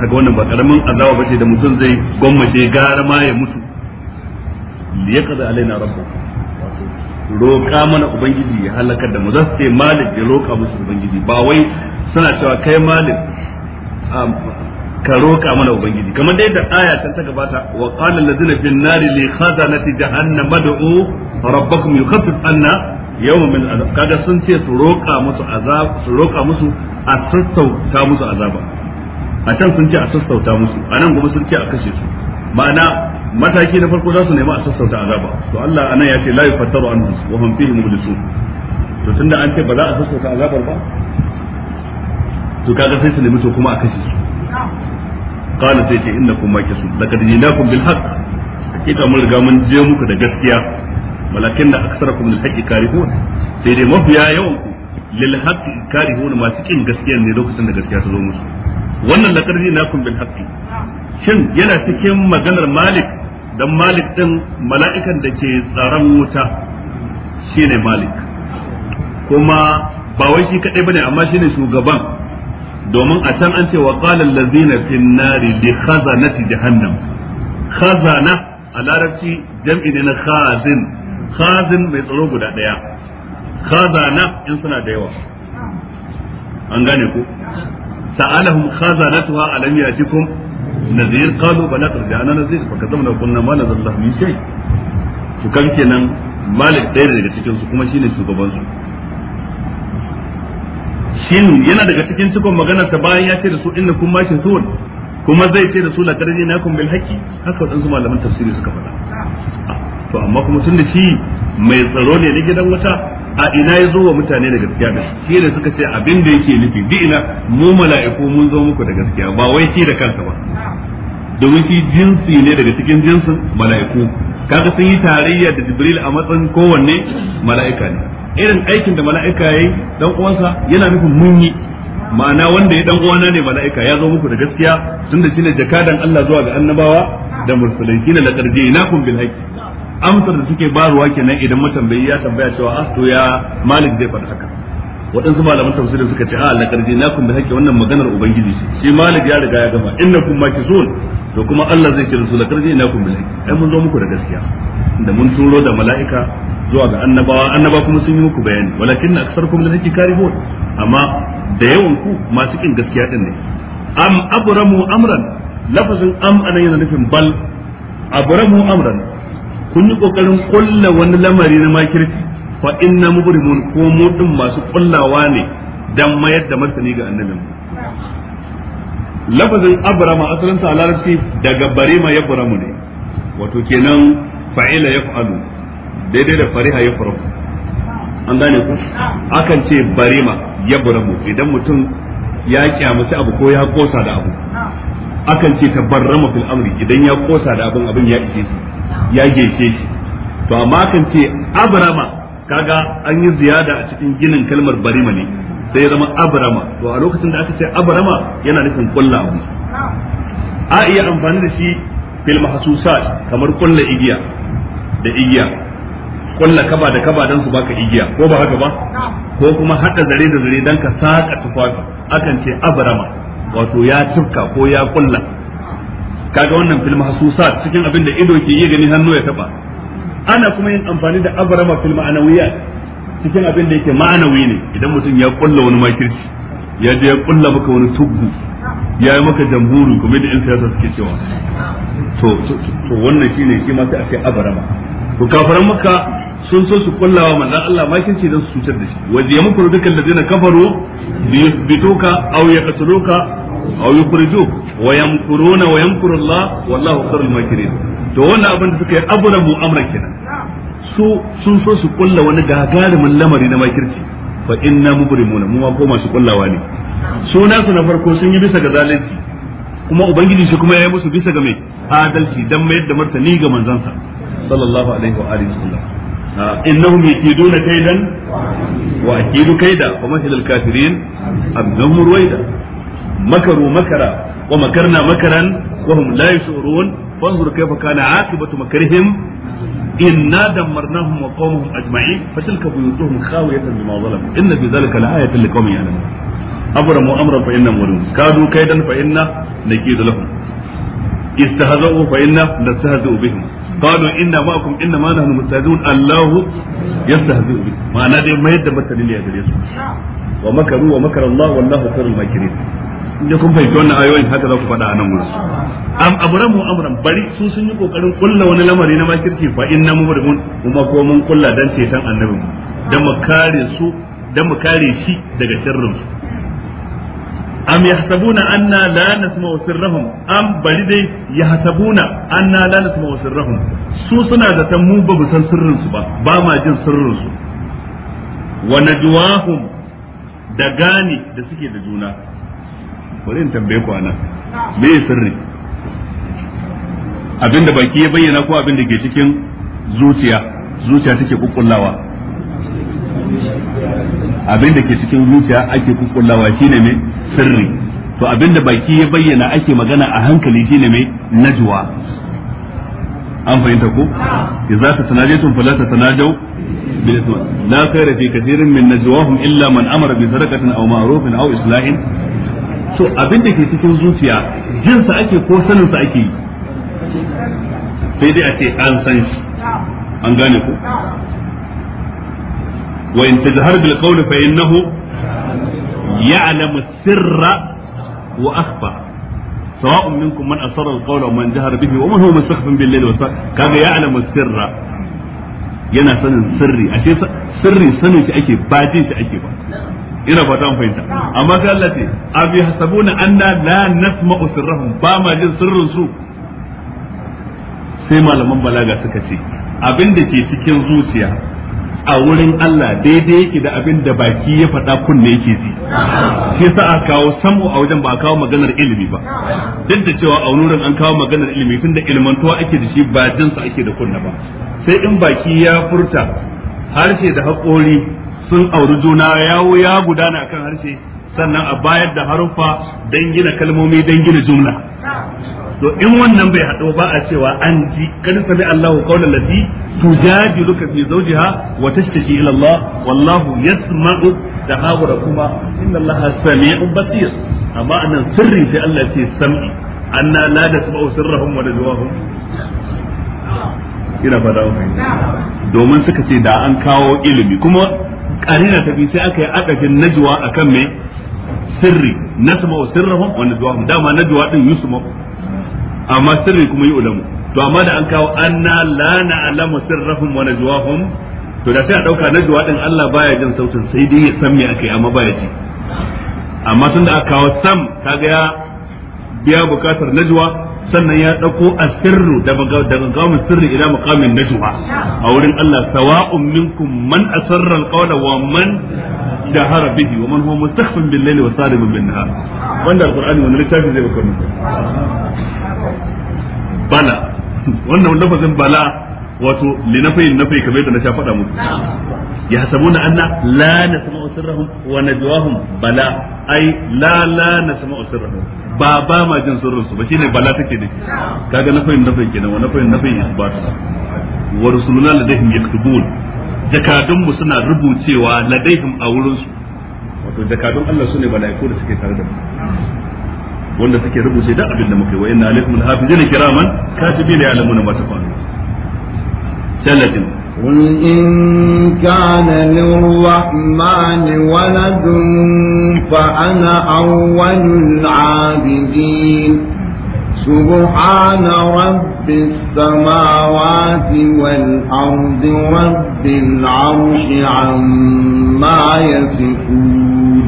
kaga wannan ba karamin azaba bace da mutum zai gwammace gara ma ya mutu alaina roƙa mana ubangiji ya halakar da mu za ce malik ya roƙa musu ubangiji ba wai suna cewa kai malik um, ka roƙa mana ubangiji kamar dai da aya can ta gabata wa qala allazina bin nari li khazanati jahannam mad'u rabbakum yukhaffif anna yawma min azab kaga sun ce su roƙa musu azab su roƙa musu a sassauta musu azaba a can sun ce a sassauta musu a nan gobe sun ce a kashe su ma'ana mataki na farko za su nemi a sassauta azaba to Allah anan ya ce la yufattaru anhum wa hum fihi mublisun to tunda an ce ba za a sassauta azabar ba to kaga sai su nemi to kuma a kashe su qala sai ce innakum makisun laqad jinakum bil haqq hakika mun riga mun je muku da gaskiya walakin da aksarakum lil haqqi karihun sai dai mafiya yawan ku lil haqqi karihun masu kin gaskiya ne lokacin da gaskiya ta zo musu wannan laqad jinakum bil haqqi shin yana cikin maganar malik dan malik din mala'ikan da ke tsaron wuta shine malik kuma ba wai shi kadai bane amma shine shugaban domin a can an ce wa qala allazina fin nari li khazanati jahannam khazana a larabci jam'i ne na khazin khazin mai tsaro guda daya khazana in suna da yawa an gane ku sa'alahum khazanatuha alam yatikum nadhir qalu bala qad ja'ana nadhir fa kadzabna kunna ma nazal min shay to kan kenan malik daya daga cikin su kuma shine shugaban su shin yana daga cikin cikon maganar ta bayan ya ce da su inna kun mashin suwar kuma zai ce da su la karni na kun bil haqi haka wadansu malaman tafsiri suka faɗa to amma kuma tun da shi mai tsaro ne na gidan wata a ina ya zo wa mutane da gaskiya da shi ne suka ce abin da yake nufi bi ina mu mala'iku mun zo muku da gaskiya ba wai shi da kansa ba domin shi jinsi ne daga cikin jinsin mala'iku kaga sun yi tarayya da jibril a matsayin kowanne mala'ika ne irin aikin da mala'ika yayi dan uwansa yana nufin mun yi ma'ana wanda ya dan uwana ne mala'ika ya zo muku da gaskiya tunda shine jakadan Allah zuwa ga annabawa da mursalai shine laqad ji'nakum bil haqq amsar da suke barwa kenan idan matambayi ya tambaya cewa ah to ya malik zai faɗa haka waɗansu malaman tafsirin suka ce a na karje na kun bi haƙƙi wannan maganar ubangiji shi malik ya riga ya gama ki makizun to kuma Allah zai kira su la karje na kun bi haƙƙi ai mun zo muku da gaskiya da mun turo da mala'ika zuwa ga annabawa annaba kuma sun yi muku bayani walakin aksarkum la haƙƙi karibun amma da yawan ku masu kin gaskiya din ne am abramu amran lafazin am anan yana nufin bal abramu amran kun yi kokarin kullu wani lamari na makirci fa inna mubrimun ko mu din masu kullawa ne dan mayar da martani ga annabin lafazin abrama asalin sa larabci daga barima ya buramu ne wato kenan fa'ila yaf'alu daidai da fariha ya farahu an gane ku akan ce barima ya buramu idan mutum ya kyamaci abu ko ya kosa da abu akan ce tabarrama fil amri idan ya kosa da abin abin ya ishe shi ya geshe shi to amma kan ce abrama kaga an yi ziyada a cikin ginin kalmar barima ne sai ya zama abrama to a lokacin da aka ce abrama yana nufin kulla abu a iya amfani da shi fil mahsusat kamar kulla igiya da igiya kulla kaba da kaba dan su baka igiya ko ba haka ba ko kuma hada zare da zare dan ka saka tufafi akan ce abrama wato ya tufka ko ya kulla kaga wannan fil mahsusat cikin abin da ido ke iya gani hannu ya taba ana kuma yin amfani da abrama fil ma'anawiyat cikin abin da yake ma'anawi ne idan mutum ya kulla wani makirci ya je ya kulla maka wani tubbu ya yi maka jamburu kuma da yan siyasa suke cewa to to wannan shine shi ma sai a ce abrama to kafaran maka sun so su kullawa manzon Allah makirci dan su cutar da shi waje ya muku dukkan da zina kafaru bi yusbituka aw yaqtuluka aw yukhriju wa Wayan wa yamkuru Allah wallahu khairul makirin to wannan abin da suka yi mu mu'amara kina su sun so su kulla wani gagarumin lamari na makirci fa inna mubrimuna mu ma ko masu kullawa ne suna su na farko sun yi bisa ga zalunci kuma ubangiji shi kuma ya yi musu bisa ga mai adalci dan mai da martani ga manzansa sallallahu alaihi wa alihi wasallam innahum yakiduna kaidan wa akidu kaida wa mahilal kafirin abdum ruwaida makaru makara wa makarna makaran wa hum la yashurun fanzur kayfa kana aqibatu makrihim inna dammarnahum wa qawmahum ajma'in fatilka buyutuhum khawiyatan bima zalamu inna fi dhalika la'ayatan liqawmin ya'lamun abramu amran fa inna mulun kadu kaydan fa inna nakidu قالوا إنا معكم إنما نحن مستهزئون الله يستهزئ به معناه دي ما يدبر تدليل يا wa makaru wa makar Allah da kun fahimci wannan ayoyin haka za ku faɗa a nan wurin am abramu amran bari su sun yi kokarin kulla wani lamari na makirci fa inna mubrimun kuma ko mun kulla dan ceton annabin dan mu kare su dan mu kare shi daga sirrin su am yahsabuna anna la nasma'u sirrahum am bari dai yahsabuna anna la nasma'u sirrahum su suna zaton mu ba mu san sirrin su ba ba ma jin sirrin su wa najwahum da gani da suke da juna bari in tambaye ku ana me sirri abinda baki ya bayyana ko abinda ke cikin zuciya zuciya take kukkullawa abinda ke cikin zuciya ake kukkullawa shine me sirri to abinda baki ya bayyana ake magana a hankali shine me najwa an fahimta ko ta idza tatanajaytum fala la لا fi kathirin min najwahum illa man amara bi sadaqatin aw ma'rufin aw islahin. to abin da ke cikin zuciya jin sa ake ko sanin sa ake yi sai dai a ce an san shi an gane ku. wa in tajhar bil qawl fa innahu ya'lamu sirra wa akhfa سواء منكم من أسر القول ومن جهر به ومن هو مستخف بالليل والسهر كان يعلم السر ينا سن سري أشي سري سن ake ba jin shi ake ba ina fata an fahimta amma sai Allah ce abi hasabuna anna la nasma'u sirrahum ba ma jin sirrin su sai malaman balaga suka ce abin da ke cikin zuciya a wurin Allah daidai yake da abin da baki ya faɗa kunne yake ji shi sa a kawo samu a wajen ba a kawo maganar ilimi ba duk da cewa a wurin an kawo maganar ilimi tunda ilmantuwa ake da shi ba jinsa ake da kunna ba sai in baki ya furta harshe da haƙori sun auri juna yawo ya gudana akan harshe sannan a bayar da haruffa don gina kalmomi don gina jumla to in wannan bai haɗu ba a cewa an ji kan sami Allahu qawla lati tujadiluka fi zawjiha wa tashtaki ila Allah wallahu yasma'u kuma. inna Allaha sami'un basir amma anan sirri sai Allah ce sam'i anna la tasma'u sirrahum wa najwahum ina fada domin suka ce da an kawo ilimi kuma karina ta bi sai aka yi akafin najwa akan me sirri nasma sirrahum wa najwahum dama najwa din yusma amma sirri kuma yi ulamu to amma da an kawo anna la na'lamu sirrahum wa najwahum to da sai a dauka najwa din Allah baya jin sautin sai dai ya san me akai amma baya ji amma tunda aka kawo sam kaga ya biya bukatar najwa sannan ya a sirru daga gamin sirri ila maqamin najwa a wurin Allah sawa'un minkum man asarra alqawla wa man jahara bihi wa man huwa mustakhfin bil layli wa salimun bin nahar wanda alqur'ani wannan littafi zai baka bala (laughs) wannan lafazin bala wato na nafai kamar yadda na sha faɗa muku ya hasabuna anna la nasma'u sirrahum wa najwahum bala ai la la nasma'u sirrahum ba ba ma jin sirrin su ba shine bala take da kaga na nafai kenan wa na nafayin nafai isbat wa rusuluna ladaihim yaktubun jakadun mu suna rubucewa ladaihim a wurin su wato jakadun Allah sune malaiku da suke tare da mu wanda suke rubuce da abin da muke wa inna alaikum alhafizina kiraman katibina ya'lamuna ma tafa سلة قل إن كان للرحمن ولد فأنا أول العابدين سبحان رب السماوات والأرض رب العرش عما يصفون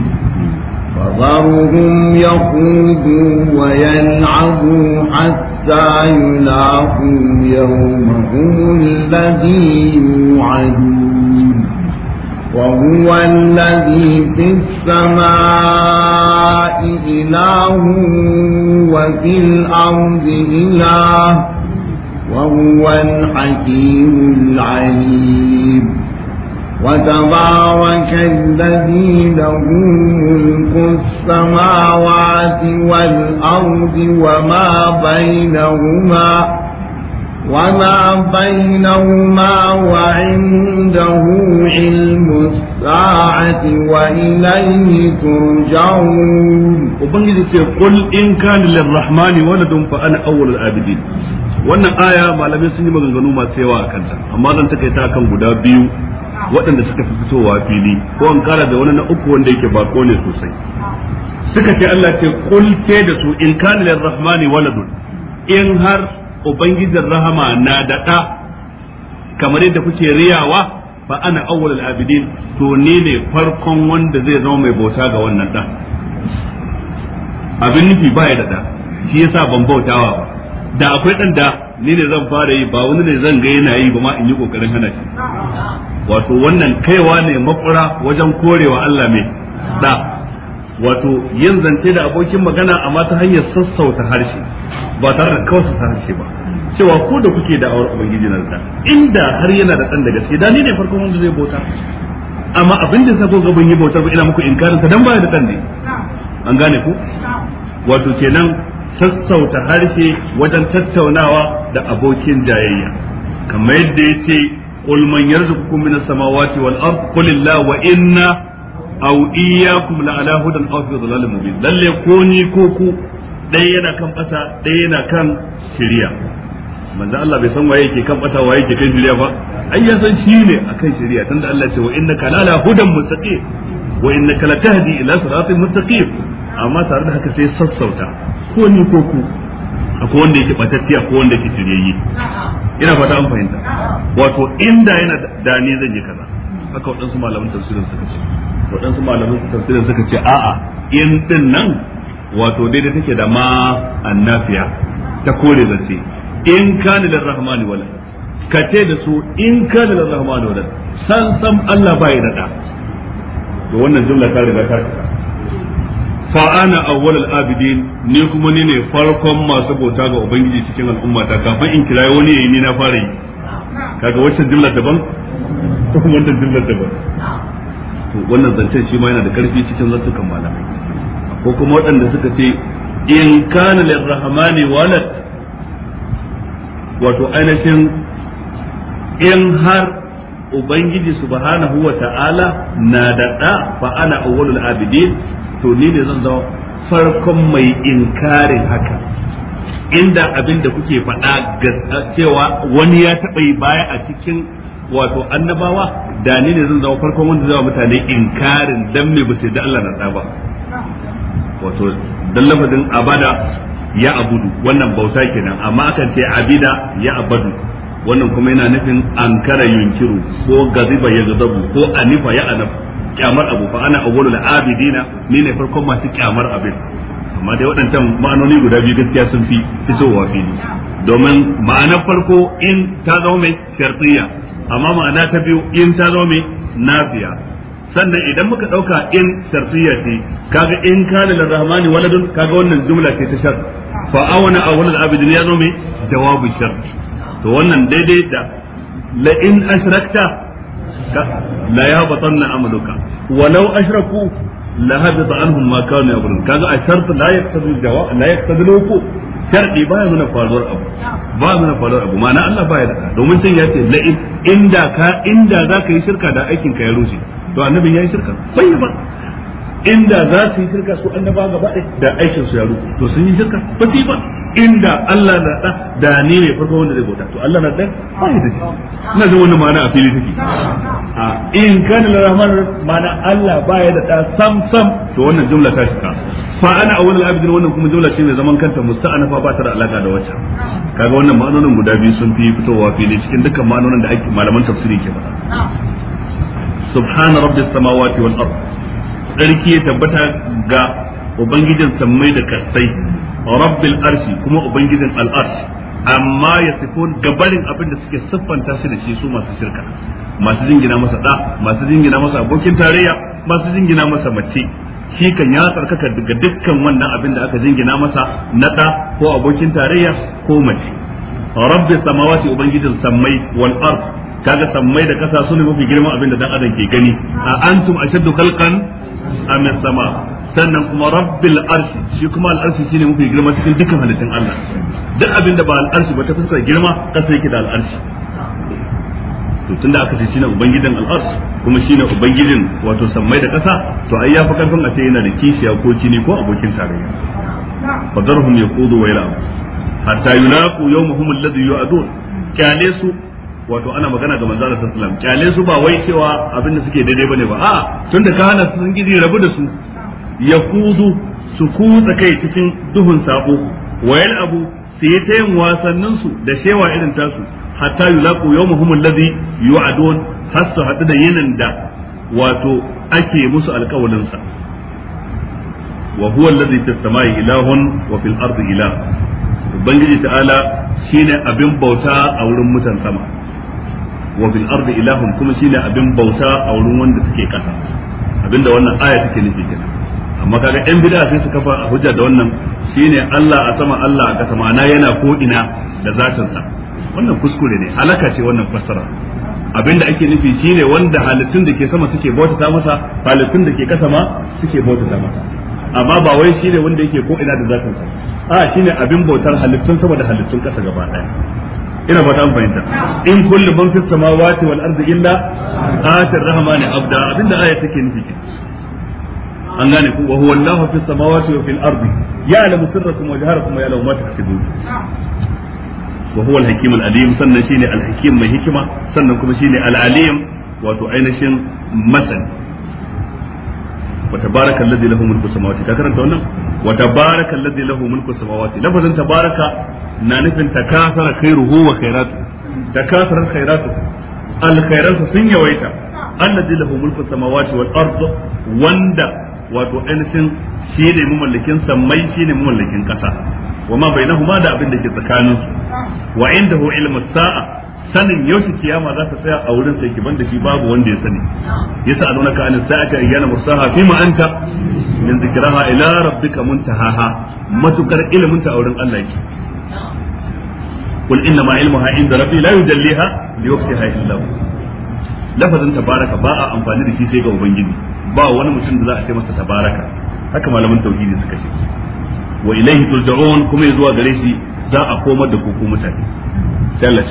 فذرهم يخوضوا ويلعبوا حتى حتى يلاقوا يومهم الذي يوعدون وهو الذي في السماء إله وفي الأرض إله وهو الحكيم العليم وتبارك الذي له ملك السماوات والأرض وما بينهما وما بينهما وعنده علم الساعة وإليه ترجعون وبنجد قل إن كان للرحمن ولد فأنا أول العابدين wannan aya malamai sun yi maganganu masu yawa a kanta amma zan takaita kan guda biyu waɗanda suka fi fitowa fili ko an kara da wani na uku wanda yake bako ne sosai suka ce Allah ce kul ce da su in kana rahmani waladun in har ubangijin rahama na daɗa kamar yadda kuke riyawa fa ana awwalul abidin to ni ne farkon wanda zai zama mai bauta ga wannan ɗan abin nufi ba ya da shi yasa ban bautawa ba da akwai ɗan da ni ne zan fara yi ba wani ne zan ga yana yi ba ma in yi kokarin hana shi wato wannan kaiwa ne makura wajen korewa Allah mai da wato yin zance da abokin magana amma ta hanyar sassauta harshe ba tare da ta harshe ba cewa ko da kuke da awar ubangiji na da inda har yana da dan daga gaske da ni ne farkon wanda zai bauta amma abin da sako ga ban yi bautar ba ina muku inkarin sa dan baya da dan ne an gane ku wato kenan sassauta harshe wajen tattaunawa da abokin jayayya kamar yadda yace qul man yarzuqukum minas samawati wal ard qul illahu wa inna aw iyyakum la ala hudan aw fi dhalalin lalle ko ni ko ku ɗaya yana kan ƙasa ɗaya yana kan shiriya manzo Allah bai san waye yake kan bata waye yake kan shiriya ba ai ya san shi ne akan shiriya tunda Allah ce wa innaka la ala wa ila amma tare da haka sai sassauta ko ni ko ku akwai wanda yake batacciya ko wanda yake shiryayye ina fata an fahimta wato inda yana da ni zan yi kaza haka waɗansu malamin tafsirin suka ce waɗansu malamin tafsirin suka ce a'a in din nan wato daidai take da ma annafiya ta kore zance in kana lil rahmani wala ka ce da su in kana lil rahmani wala san san Allah bai da da to wannan jumla ta riga ta fa ana al abidin ni kuma ni ne farkon masu bauta ga ubangiji cikin al'umma ta kafin in kirayi wani yayi ni na fara yi kaga wacce jimla daban kuma wannan jimla daban to wannan zancen shi ma yana da karfi cikin zantukan malamai ko kuma waɗanda suka ce in kana lirrahmani walad wato ainihin in har ubangiji subhanahu wa ta'ala na da da fa ana awwalul abidin to ni ne zan zama farkon mai inkarin haka inda abin da kuke faɗa ga cewa wani ya taɓa yi baya a cikin wato annabawa da ni ne zan zama farkon wanda zama mutane inkarin dan me ba da Allah na ba wato dan lafazin abada ya abudu wannan bauta kenan amma akan ce abida ya abadu wannan kuma yana nufin ankara yunkiru ko gaziba ya gazabu ko anifa ya anafa kyamar abu fa ana awwalul abidina ni ne farkon masu kyamar abin amma dai waɗancan ma'anoni guda biyu gaskiya sun fi fitowa fili domin ma'anar farko in ta zo mai shartiya amma ma'ana ta biyu in ta zo mai nafiya sannan idan muka ɗauka in shartiya ce kaga in kana rahmani waladun kaga wannan jumla ce ta shar fa awana awwalul abidin ya zo mai jawabu shar to wannan daidai da la in ashrakta la yahbatanna amaluka walau ashraku la habita anhum ma kanu yabrun kaga a shart la yaqtadi jawa la yaqtadi ku sharɗi ba ya nuna faruwar abu ba ya nuna faruwar abu ma'ana Allah ba ya da domin can ya ce la inda ka inda za ka yi shirka da aikin ka ya to annabi ya yi shirka bai ba inda za su yi shirka su annaba gaba ɗaya da aikin su ya ruku to sun yi shirka ba su ba inda Allah na da da ne mai farko wanda zai bauta to Allah na da ba da shi ina wannan wani ma'ana a fili take a in kana rahman ma'ana Allah baya da da sam sam to wannan jumla ta ka fa ana awwal al-abidin wannan kuma jumla ce mai zaman kanta musta'anafa ba ta da alaka da wacce kaga wannan ma'anonin guda biyu sun fi fitowa fili cikin dukkan ma'anonin da ake malaman tafsiri ke ba. subhana rabbis samawati wal ardh tsarki ya tabbata ga ubangijin sammai da kasai rabbil arshi kuma ubangijin al'arshi amma ya tafi gabarin abin da suke siffanta shi da shi su masu shirka masu jingina masa da masu jingina masa abokin tarayya masu jingina masa mace shi kan ya tsarkaka daga dukkan wannan abin da aka jingina masa na da ko abokin tarayya ko mace rabbi samawati ubangijin sammai wal ard kaga sammai da kasa sune mafi girman abin da dan adam ke gani a antum ashaddu khalqan amin sama sannan kuma rabbil arshi shi kuma al'arshi shine mafi girma cikin dukkan halittun Allah duk abin da ba al'arshi ba ta fuskar girma kasa yake da al'arshi to tunda aka ce shine ubangijin al'arsh kuma shine ubangijin wato sammai da kasa to ai yafi karfin a ce yana da kishiya ko jini ko abokin tarayya fadarhum yaqudu wa yalab hatta yulaqu yawmahum alladhi yu'adun kyale su wato ana magana ga manzo Allah sallallahu alaihi wasallam su ba wai cewa abin da suke daidai bane ba a tunda ka hana su sun gidi rabu da su yakudu su kutsa kai cikin duhun sabo wayal abu su yi ta yin wasannin su da shewa irin tasu hatta yulaqu yawmuhum alladhi yu'adun har su hadu da yinin da wato ake musu alƙawalin sa wa huwa alladhi tastamai ilahun wa fil ardi ilah ubangiji ta'ala shine abin bauta a wurin mutan sama wa bil ardi ilahun kuma shine abin bauta a wurin wanda suke kasa abinda wannan aya take nufi kenan amma kaga yan bid'a sai su kafa hujja da wannan shine Allah a sama Allah a kasa ma'ana yana ko ina da zatin sa wannan kuskure ne halaka ce wannan fassara abinda ake nufi shine wanda halittun da ke sama suke bauta ta masa halittun da ke kasa ma suke bauta ta masa amma ba wai shine wanda yake ko ina da zatin sa a shine abin bautar halittun sama da halittun kasa gaba daya ina ba ta an fahimta in kullu man fis samawati wal ardi illa atir rahmani abda abinda aya take nufi an gane ku wa huwa allah fis samawati wa fil ardi ya'lamu sirrakum wa jaharakum wa ya'lamu ma taksibun wa huwa al hakim al alim sannan shine al hakim mai hikima sannan kuma shine al alim wato ainihin masani wa tabaraka alladhi lahu samawati ka karanta wannan wa tabaraka alladhi samawati lafazin tabaraka na nufin takasara khairuhu wa khairatu takasara khairatu alkhairatu sun yawaita alladhi samawati wanda wato ainihin shi ne mamallakin sammai shi ne mamallakin kasa wa ma bainahuma da abin da ke tsakaninsu wa indahu ilmu sa'a sanin yaushe kiyama za ta tsaya a wurin sai kiban da shi babu wanda ya sani yasa alunaka an sa'ata ayyana mursaha fi ma anta min zikraha ila rabbika muntahaha matukar ilimin ta a wurin Allah yake قل انما علمها عند ربي لا يجليها لوقتها الا هو lafazin tabaraka ba a amfani da shi sai ga ubangiji ba wani mutum da za a ce masa tabaraka haka malaman tauhidi suka ce wa ilaihi turja'un kuma zuwa gare shi za a komar da ku mutane sai Allah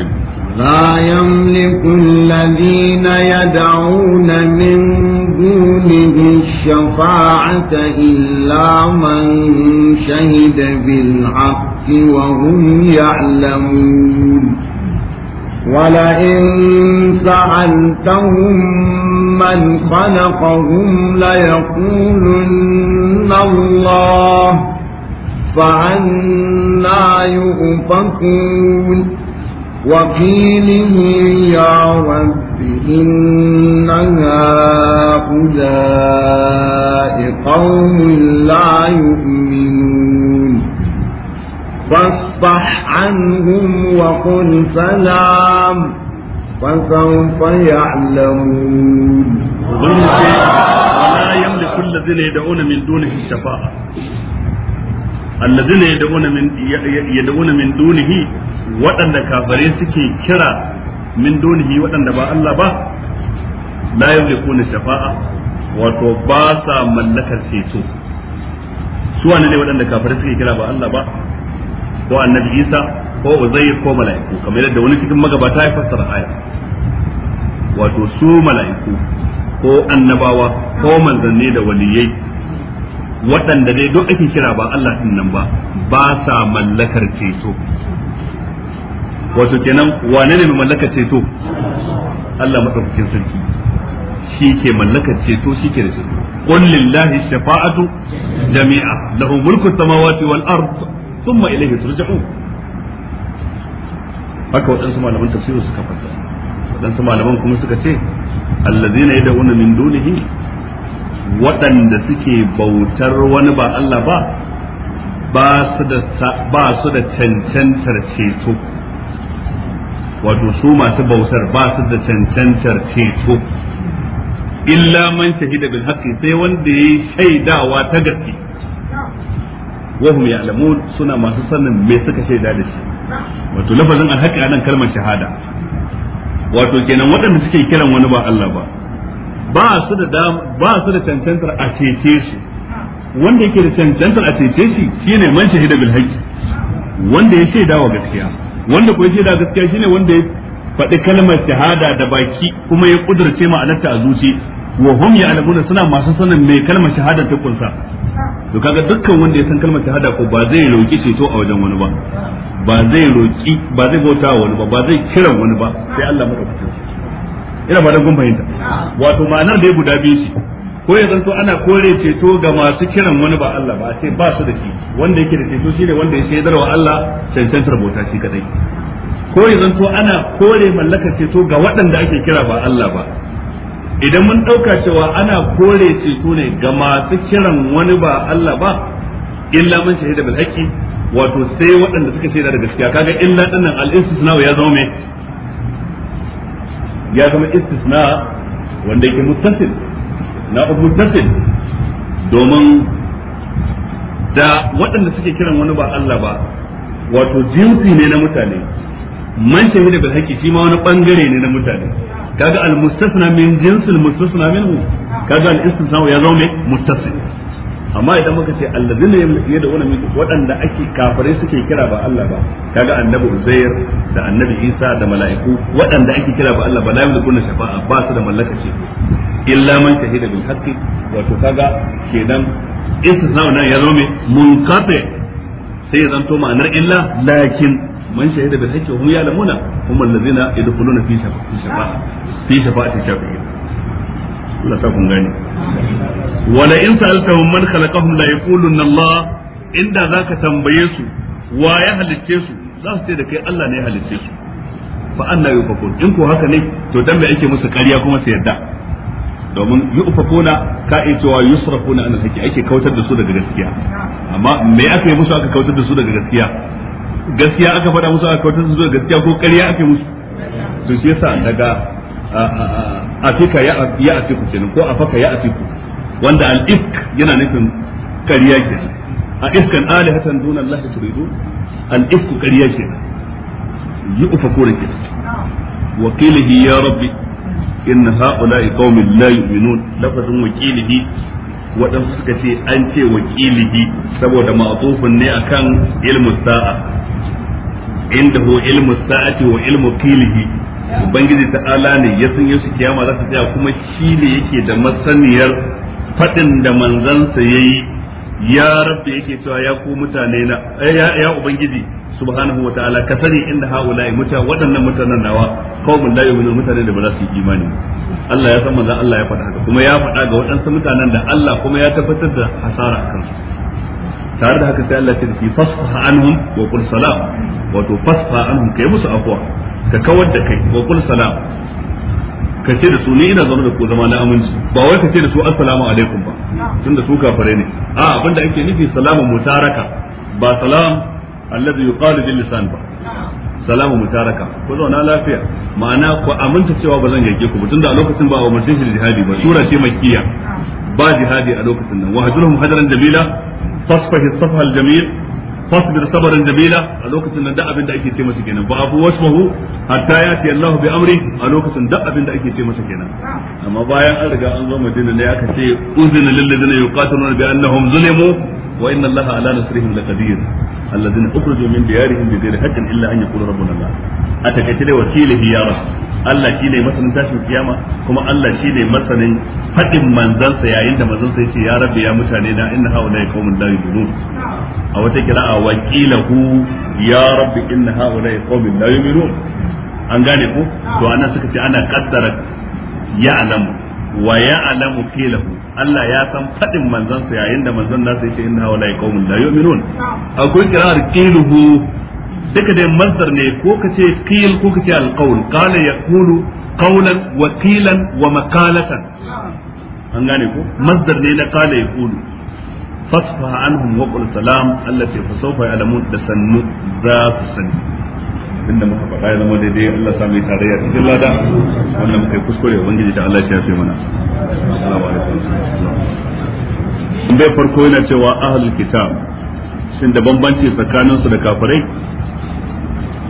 لا يملك الذين يدعون من دونه الشفاعة إلا من شهد بالحق وهم يعلمون ولئن سألتهم من خلقهم ليقولن الله فعنا يؤفكون وقيله يا رب إن هؤلاء قوم لا يؤمنون فاصفح عنهم وقل سلام فسوف يعلمون لا يملك الذين يدعون من دونه الشفاعة allazina yad'una min yad'una min dunihi waɗanda kafare suke kira min dunihi waɗanda ba Allah ba la yamlikuna shafa'a wato ba sa mallakar ceto su wane ne waɗanda kafare suke kira ba Allah ba ko annabi Isa ko Uzair ko mala'iku kamar yadda wani cikin magabata ya fassara aya wato su mala'iku ko annabawa ko manzanni da waliyai waɗanda dai duk ake kira ba Allah din nan ba ba sa mallakar ceto wato kenan wane ne mai mallakar ceto Allah madaukakin sarki shi ke mallakar ceto shi ke da ceto lillahi shafa'atu jami'a lahu mulku samawati wal ard thumma ilayhi turja'un haka waɗansu malaman tafsiri suka fassara waɗansu malaman kuma suka ce waɗanda suke bautar wani ba Allah ba ba su da cancantar ceto wato su masu bautar ba su da cancantar ceto illa man shahida bil haqqi sai wanda yayi shaidawa ta gaske hum ya'lamun suna masu sanin me suka shaida da shi wato lafazin alhaqi anan kalmar shahada wato kenan waɗanda suke kiran wani ba Allah ba ba su da ba su da cancantar a cece su wanda yake da cancantar a cece shi shine man shahida bil haqqi wanda ya shaida wa gaskiya wanda ko ya shaida gaskiya shine wanda ya faɗi kalmar shahada da baki kuma ya kudurce ma'anarta a zuci wa hum ya'lamuna suna masu sanin mai kalmar shahada ta kunsa to kaga dukkan wanda ya san kalmar shahada ko ba zai roki ceto a wajen wani ba ba zai roki ba zai bauta wani ba ba zai kira wani ba sai Allah madaukakin ina ba dan kun fahimta wato ma'anar da ya guda biyu shi ko ya zanto ana kore ceto ga masu kiran wani ba Allah ba sai ba su da shi wanda yake da ceto shine wanda ya shaidar wa Allah cancantar bauta shi kadai ko ya zanto ana kore mallaka ceto ga waɗanda ake kira ba Allah ba idan mun ɗauka cewa ana kore ceto ne ga masu kiran wani ba Allah ba illa man shahida bil haqqi wato sai waɗanda suka shaida da gaskiya kaga illa dinnan al istisna ya zama ya zama istisna wanda yake mutasil na muttasil domin da waɗanda suke kiran wani ba Allah ba wato jinsi ne na mutane man shahida bil haqi shi ma wani bangare ne na mutane kaga al mustasna min jinsil mustasna minhu kaga al istisna ya zama mutasil amma idan muka ce allazina yamlikiya da wani miki waɗanda ake kafare suke kira ba Allah ba kaga annabi Uzair da annabi Isa da mala'iku waɗanda ake kira ba Allah ba la yamlikuna shafa'a ba su da mallaka illa man shahida bil haqqi wato kaga kenan istisna nan ya zo me munqati sai ya zanto ma'anar illa lakin من شهد بالحج وهم يعلمون هم الذين يدخلون في شفاعة في شفاعة الشافعين Allah ta kun gani wala in sa'altahum man khalaqahum la yaqulun Allah inda zaka tambaye su wa ya halicce su za su ce da kai Allah ne ya halicce su fa anna yufakun in ko haka ne to dan me ake musu ƙarya kuma su yarda domin yufakuna ka to cewa yusrafuna an haki ake kautar da su daga gaskiya amma me aka yi musu aka kautar da su daga gaskiya gaskiya aka faɗa musu aka kautar da su daga gaskiya ko ƙarya ake musu to shi yasa daga A afika ya fiku kenan ko a afaka ya fiku wanda al-ifk yana nufin kariya kenan a iskan ifkan alihatan duna Allah turidu al-ifk kariya kenan yi ufakura kenan wa qilihi ya rabbi inna ha'ula'i qaumin la yu'minun lafazin wa qilihi waɗansu suka ce an ce wakilihi saboda ma'atufin ne akan ilmu sa'a inda ho ilmu sa'ati wa ilmu qilihi ubangiji ta'ala ne ya san su kiyama za ta tsaya kuma shi ne yake da masaniyar faɗin da manzansa ya yi ya rabbi yake cewa ya ku mutane na eh, ya ubangiji subhanahu wa ta'ala ka sani inda haula'i muta waɗannan mutanen nawa mun la yu'minu mutane da ba za su yi imani Allah ya san manzon Allah ya faɗa haka kuma ya faɗa ga waɗansu mutanen da Allah kuma ya tabbatar da hasara a kansu tare da haka sai Allah ya ce fasfa anhum wa qul salam wato fasfa anhum kai musu afwa ka kawar da kai wa qul salam ka ce da su ni ina zaune da ku zama na aminci ba wai ka ce da su assalamu alaikum ba tunda su kafare ne a abinda ake nufi salamu mutaraka ba salam alladhi yuqalu bil lisan ba salamu mutaraka ku zauna lafiya ma'ana ku aminta cewa ba zan yake ku ba tunda a lokacin ba wa mutum jihadi ba sura ce makkiya ba jihadi a lokacin nan wa wahjuruhum hadaran jamila fasfahi safhal jamil fasbir sabran jamila a lokacin nan da abin da ake ce masa kenan ba abu wasfahu hatta yati Allah bi amri a lokacin da abin da ake ce masa kenan amma bayan an riga an zo Madina ne aka ce uzina lil ladina yuqatiluna bi annahum zulimu wa inna Allah ala nasrihim laqadir alladhina ukhrijoo min diyarihim bi ghairi haqqin illa an yaqulu rabbuna Allah atakaita da wakilihi ya rasul Allah shi ne masanin tashin kiyama kuma Allah shi ne masanin faɗin manzansa yayin da manzansa ya ce ya rabbi ya mutane na inna haula ya qaumun la yu'minun a wata kira'a wa hu ya rabbi inna haula ya qaumun la yu'minun an gane ku. to anan suka ce ana kaddara ya alamu wa ya alamu hu. Allah ya san faɗin manzansa yayin da manzon nasa ya ce inna haula ya qaumun la yu'minun akwai kira'ar qiluhu duka dai masdar ne ko kace qil ko kace alqaul qala yaqulu qawlan wa qilan wa maqalatan an gane ko masdar ne na qala yaqulu fasfa anhum wa qul salam allati fasawfa ya'lamun da sannu za su sani inda muka faɗa ya zama daidai Allah sami tarayya cikin lada wannan muka yi kuskure ubangiji ta Allah ya fi mana assalamu alaikum bai farko yana cewa ahlul kitab shin da bambanci tsakanin su da kafirai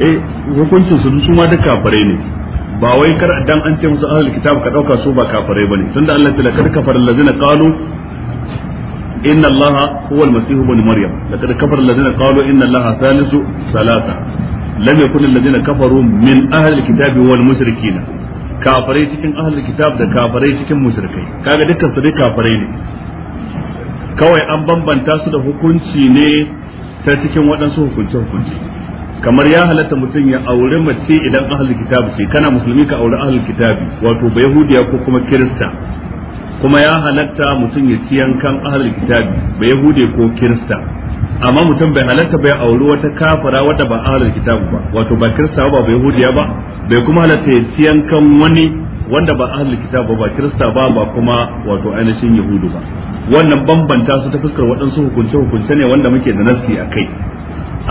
eh hukuncin su su ma da kafirai ne ba wai kar dan an ce musu ahlul kitab ka dauka su ba kafirai bane tunda Allah ta lakar kafar allazina qalu inna allaha huwa almasih ibn maryam laqad kafara allazina qalu inna allaha thalithu thalatha lam yakun allazina kafaru min ahli alkitabi wal mushrikina kafirai cikin ahli alkitab da kafirai cikin mushrikai kaga dukkan su dai kafirai ne kawai an bambanta su da hukunci ne ta cikin waɗansu hukunce hukunci kamar ya halatta mutum ya aure mace idan ahal kitabi ce kana musulmi ka aure ahal kitabi wato ba yahudiya ko kuma kirista kuma ya halatta mutum ya ci yankan ahal kitabi ba yahudiya ko kirista amma mutum bai halatta bai aure wata kafara wadda ba ahal kitabi ba wato ba kirista ba ba yahudiya ba bai kuma halatta ya ci yankan wani wanda ba ahlul kitab ba kirista ba ba kuma wato ainihin yahudu ba wannan bambanta su ta fuskar waɗansu hukunce hukunce ne wanda muke da nasi a kai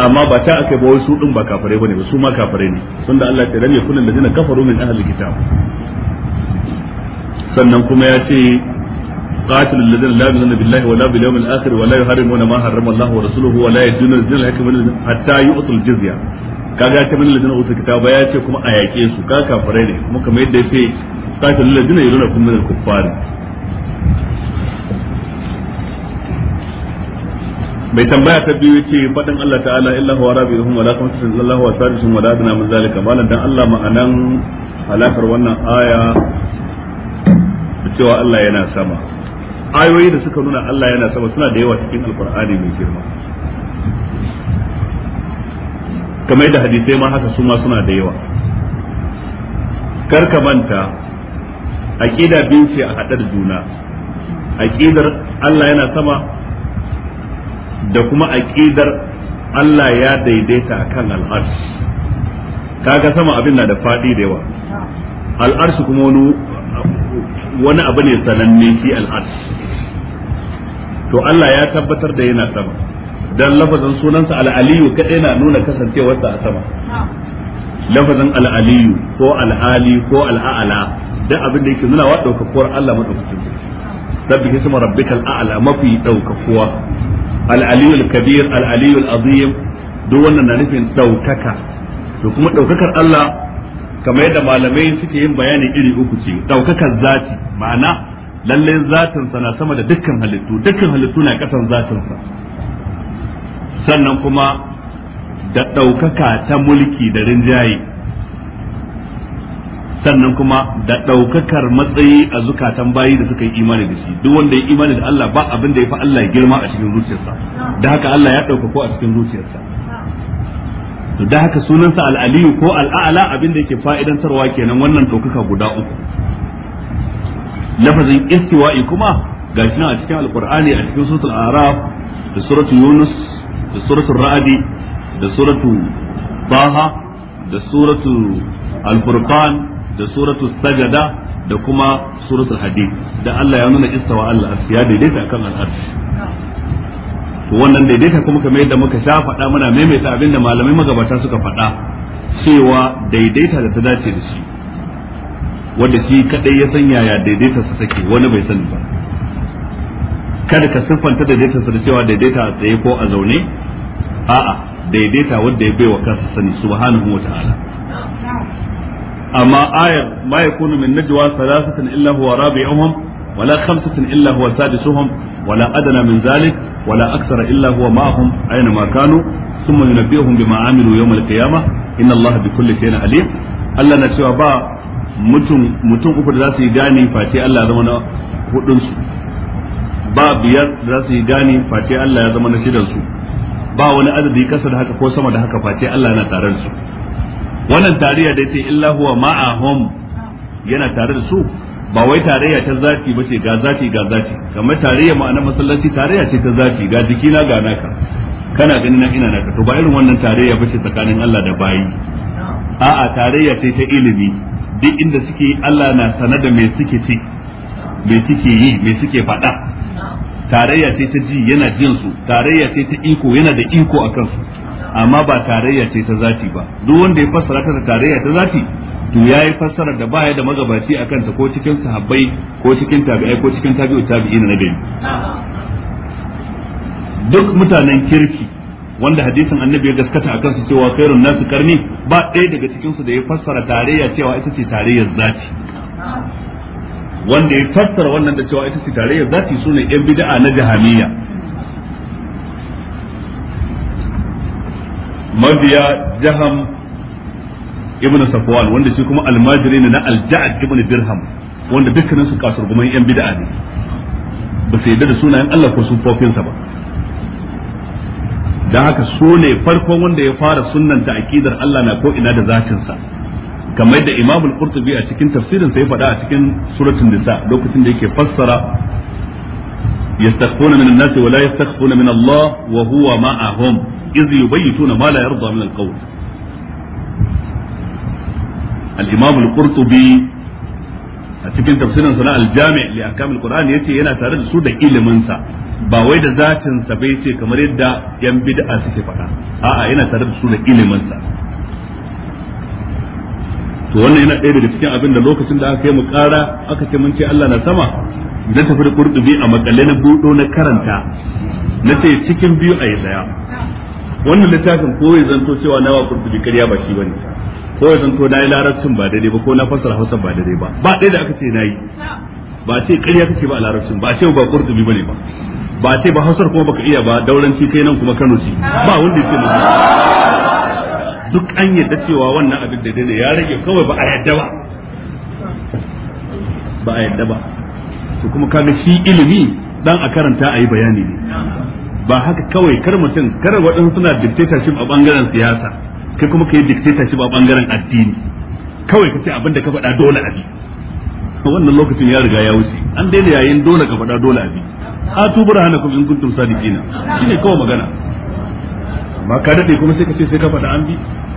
amma ba ta akai ba wai su din ba kafirai bane ba su ma kafare ne tunda Allah ya rame kullun ladina kafaru min ahlul kitab sannan kuma ya ce قاتل الذين لا يؤمنون بالله ولا باليوم الاخر ولا يحرمون ما حرم الله ورسوله ولا يدينون الدين الحكم حتى يؤتوا الجزيه kaga ya ce min ladina usul kitaba ya ce kuma a yaƙe su ka kafirai ne kuma kamar yadda ya ce qatil ladina yuruna kuma da kuffari bai tambaya ta biyu ce fadin Allah ta'ala illa huwa rabbihum wa la kamtasin Allah wa sadisuhum wa la min zalika malan dan Allah ma'anan halakar wannan aya cewa Allah yana sama ayoyi da suka nuna Allah yana sama suna da yawa cikin alqur'ani mai girma kamar da hadisai ma haka su ma suna da yawa kar ka manta aqida binci a hadar juna aqidar Allah yana sama da kuma aqidar Allah ya daidaita akan al'arsh kaga sama abin na da fadi da yawa al'arsh kuma wani wani abu ne sananne shi al'arsh to Allah ya tabbatar da yana sama dan lafazin sunansa alaliyu aliyu kadai na nuna kasancewarsa a sama lafazin Al'aliyu aliyu ko al-ali ko al-a'la da abin da yake nuna wa daukakuwar Allah madaukakin sabbi hisma rabbikal a'la mafi daukakuwa al kabir al-aliyu azim duk wannan na nufin daukaka to kuma daukakar Allah kamar yadda malamai suke yin bayani iri uku ce daukakar zati ma'ana lallai zatinsa na sama da dukkan halittu dukkan halittu na kasan zatinsa sannan kuma da ɗaukaka ta mulki da rinjaye sannan kuma da ɗaukakar matsayi a zukatan bayi da suka yi imani da shi duk wanda ya imani da Allah ba abin da ya fi Allah girma a cikin zuciyarsa da haka Allah ya ɗaukako a cikin zuciyarsa da haka sunansa al'aliyu ko al'a'la abin da yake fa'idantarwa kenan wannan ɗaukaka guda uku lafazin istiwa'i kuma gashi na a cikin Alƙur'ani a cikin suratul araf da suratul yunus da suratul ra'adi da suratul baha da suratul al da suratul sajada da kuma suratul hadid da Allah ya nuna istawa Allah ya daidaita akan al'arshi to wannan daidaita kuma kamar yadda muka sha faɗa muna maimaita abinda malamai magabata suka faɗa cewa daidaita da ta dace da shi wanda shi kadai ya san yaya su take wani bai sani ba kada ka siffanta daidaita su da cewa daidaita a tsaye ko a zaune a'a daidaita wanda ya baiwa kansa sani subhanahu wa ta'ala amma ayar ma yakunu min najwa thalathatin illa huwa rabi'uhum wala khamsatin illa huwa sadisuhum wala adana min zalik wala aksara illa huwa ma'ahum aina ma kanu thumma yunabbihum bima amilu yawm al-qiyamah inna allaha bikulli shay'in alim Allah na cewa ba mutum mutum uku da za su yi gane face Allah zama na hudunsu ba biyar za su yi gane face Allah ya zama na shidan su ba wani adadi kasa da haka ko sama da haka face Allah yana tare da su wannan tarayya da yace illa huwa ma'ahum yana tare da su ba wai tarayya ta zati ba ce ga zati ga zati kamar tarayya ma'ana masallaci tarayya ce ta zati ga na ga naka kana ganin na ina naka to ba irin wannan tarayya ba ce tsakanin Allah da bayi a'a tarayya ce ta ilimi duk inda suke Allah na sanar da me suke ci me suke yi me suke faɗa tarayya ce ta ji yana jin su tarayya ce ta iko yana da iko a kansu amma ba tarayya ce ta zati ba duk wanda ya fassara ta tarayya ta zati to yayi fassara da baya da magabaci akan ta ko cikin sahabbai ko cikin tabi'ai ko cikin tabi'u tabi'in na dai duk mutanen kirki wanda hadisin annabi ya gaskata a kansu cewa khairun nasu karni ba ɗaya daga cikinsu da ya fassara tarayya cewa ita ce tarayyar zati wanda ya fassara wannan da cewa ita ce tarayya zati su ne yan bid'a na jahamiyya mabiya jaham ibn safwan wanda shi kuma almajiri ne na alja'ad ibn dirham wanda dukkanin su kasurguman yan bid'a ne ba su yadda da sunayen Allah ko sufofinsa ba dan haka sune farkon wanda ya fara sunnanta akidar Allah na ko ina da zatinsa sa kamar da Imam al-Qurtubi a cikin tafsirin ya faɗa a cikin suratul Nisa lokacin da yake fassara yastakhfuna min an-nasi wa la yastakhfuna min Allah wa huwa ma'ahum iz yubayituna ma la yarda min al-qawl al-Imam al-Qurtubi a cikin tafsirin sa na al-Jami' li ahkam al-Qur'an yace yana tare da su da ilimin sa ba wai da zatin sa bai ce kamar yadda yan bid'a suke faɗa a'a yana tare da su da ilimin sa to wannan yana ɗaya daga cikin abin da lokacin da aka yi mu ƙara aka ce mun ce Allah na sama na tafi da kurdubi a makalle na buɗo na karanta na ce cikin biyu a yi tsaya wannan littafin ko ya zanto cewa nawa kurdubi ƙarya ba shi bane ko ya zanto na yi larabcin ba daidai ba ko na fassara hausa ba daidai ba ba ɗaya da aka ce na yi ba ce ƙarya kake ba a larabcin ba ce ba kurdubi bane ba ba ce ba hausar kuma baka iya ba dauranci kai nan kuma kano ce ba wanda ya ce mu duk an yadda cewa wannan abin da dai ya rage kawai ba a yadda ba ba a yadda ba su kuma kaga shi ilimi dan a karanta a yi bayani ne ba haka kawai kar mutum kar waɗansu suna dictatorship a bangaren siyasa kai kuma kai dictatorship a bangaren addini kawai ce abin da ka faɗa dole a bi wannan lokacin ya riga ya wuce an daina yayin dole ka faɗa dole a bi a hana kuma in kuntum sadiqina shine kawai magana ba ka daɗe kuma sai ka ce sai ka faɗa an bi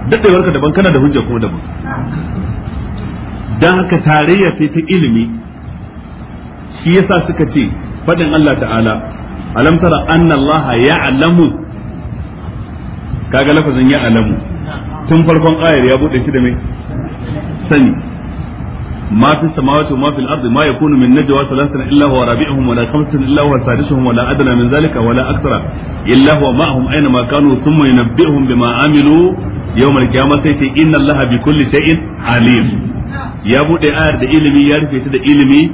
dadewar ka daban kana da hujja kuma daban dan haka tarayya ce ta ilimi shi yasa suka ce fadin Allah ta'ala alam tara anna Allah ya'lamu kaga lafazin ya'lamu tun farkon ayar ya bude shi da mai sani ما في السماوات وما في الأرض ما يكون من نجوى ثلاثة إلا هو رابعهم ولا خمسة إلا هو سادسهم ولا أدنى من ذلك ولا أكثر إلا هو معهم أينما كانوا ثم ينبئهم بما عملوا يوم القيامة إن الله بكل شيء عليم ya bude ayar da ilimi ya rufe ta da ilimi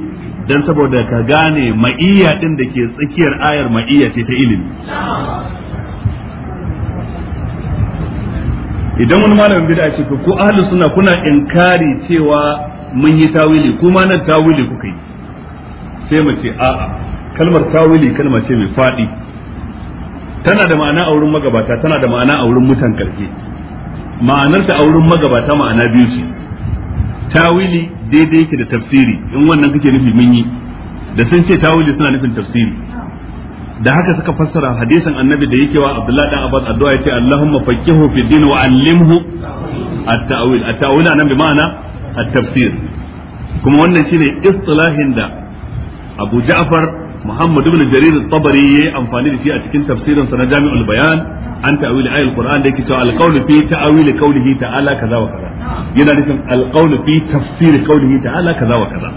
dan saboda ka gane ma'iyya din da ke tsakiyar ayar ma'iyya ce ta ilimi idan wani malamin bid'a ce ko ahlus sunna kuna inkari cewa mun yi tawili kuma nan tawili kuka yi sai mu ce a'a kalmar tawili kalma ce mai faɗi tana da ma'ana a wurin magabata tana da ma'ana a wurin mutan karfe ma'anarta a wurin magabata ma'ana biyu ce tawili daidai yake da tafsiri in wannan kake nufi mun yi da sun ce tawili suna nufin tafsiri da haka suka fassara hadisin annabi da yake wa Abdullahi dan Abbas addu'a yace Allahumma faqihu fi din wa allimhu at-ta'wil at-ta'wil nan bi ma'ana A tafsir kuma wannan shine istilahin da Abu Ja'far Muhammad ibn Jarir al-Tabari amfani da shi a cikin tafsirin sa na Jami'ul Bayan an ta'wil ayatul Qur'an da yake cewa al ta'ala kaza kaza yana nufin al fi tafsir qawlihi ta'ala kaza wa kaza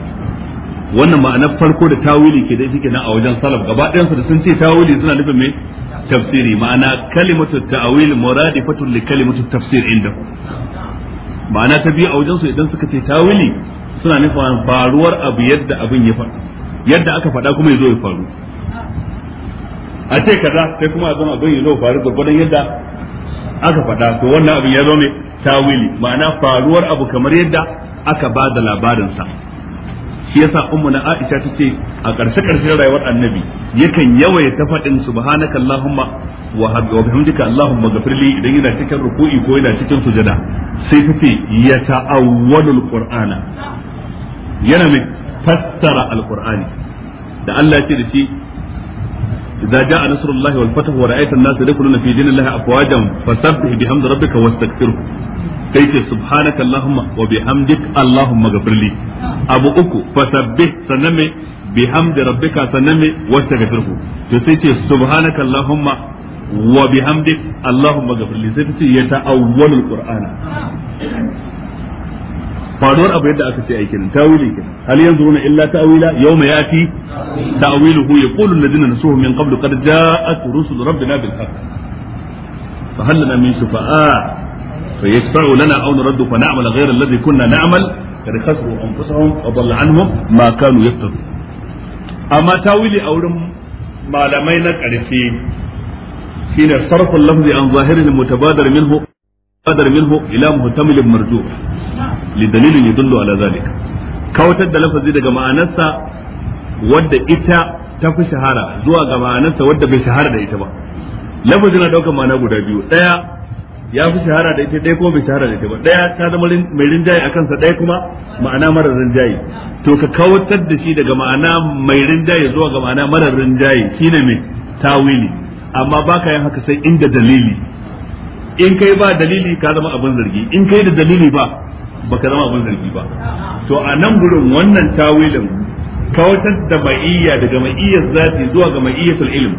wannan ma'anar farko da tawili ke da take nan a wajen salaf gaba ɗayan da sun ce tawili suna nufin tafsiri ma'ana kalimatu ta'wil muradifatun kalimatu tafsir inda ma'ana ta biyu a wajen su idan suka ce tawili suna nufin faruwar abu yadda abin ya faru yadda aka faɗa kuma ya zo ya faru a ce kaza sai kuma a zama abin ya zo faru gwagwadon yadda aka faɗa to wannan abin ya zo mai tawili ma'ana faruwar abu kamar yadda aka ba da labarinsa shi yasa ummu na Aisha tace a ƙarshe ƙarshen rayuwar annabi yakan yawaita faɗin subhanaka allahumma wa bihamdika allahumma ghafirli idan yana cikin ruku'i ko yana cikin sujada sai tace ya ta'awwalul qur'ana yana mai fassara alqur'ani da Allah ya ce da shi إذا جاء نصر الله والفتح ورأيت الناس يدخلون في دين الله أفواجا فسبح بحمد ربك واستغفره كيف سبحانك اللهم وبحمدك اللهم اغفر لي أبو أكو فسبح سنمي بحمد ربك سنمي واستغفره تسيتي سبحانك اللهم وبحمدك اللهم اغفر لي سيتي يتأول القرآن faruwar abu yadda aka ce aikin tawili kenan hal yanzuruna illa ta'wila yawma yati ta'wiluhu yaqulu alladhina nasuhu min qablu qad ja'at rusul rabbina bil haqq fa hal lana min shufa'a فيشفعوا لنا أو نرد فنعمل غير الذي كنا نعمل قد خسروا أنفسهم وضل عنهم ما كانوا يفترون أما تاويلي أولم ما لمينا كارثين حين صرف اللفظ عن ظاهره المتبادر منه qadar minhu ila muhtamilin marju li dalilin yadullu ala zalika kawatar da lafazi daga ma'anarsa wadda ita ta fi shahara zuwa ga ma'anarsa wadda bai shahara da ita ba lafazin na daukar ma'ana guda biyu daya ya fi shahara da ita ɗaya kuma bai shahara da ita ba ɗaya ta zama mai rinjaye a kansa ɗaya kuma ma'ana marar rinjaye to ka kawatar da shi daga ma'ana mai rinjaye zuwa ga ma'ana marar rinjaye shine mai tawili amma baka yin haka sai inda dalili in kai ba dalili ka zama abin zargi in kai da dalili ba baka zama abin zargi ba to a nan gurin wannan tawilin kawatar da ma'iyya daga ma'iyyar zati zuwa ga ma'iyyatul ilm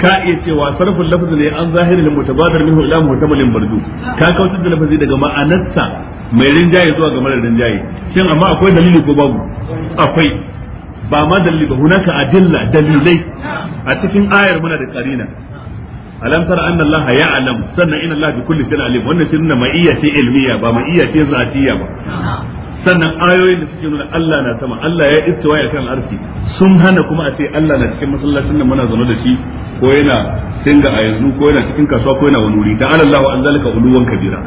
ka iya cewa sarfin lafazi ne an zahiri da mutabadar minhu ila muhtamalin bardu ka kawatar da lafazi daga ma'anarsa mai rinjaye zuwa ga marar rinjaye shin amma akwai dalili ko babu akwai ba ma dalili ba hunaka adilla dalilai a cikin ayar muna da karina alam tara anna Allah ya'lam sanna inna Allah bi kulli shay'in alim wannan shi nuna ma'iyya ce ilmiya ba ma'iyya ce zatiya ba sannan ayoyin da suke nuna Allah na sama Allah ya ittawa ya kan arfi sun hana kuma a ce Allah na cikin masallacin nan muna zaune da shi ko yana singa a yanzu ko yana cikin kasuwa ko yana wani wuri ta'ala Allah wa anzalika uluwan kabira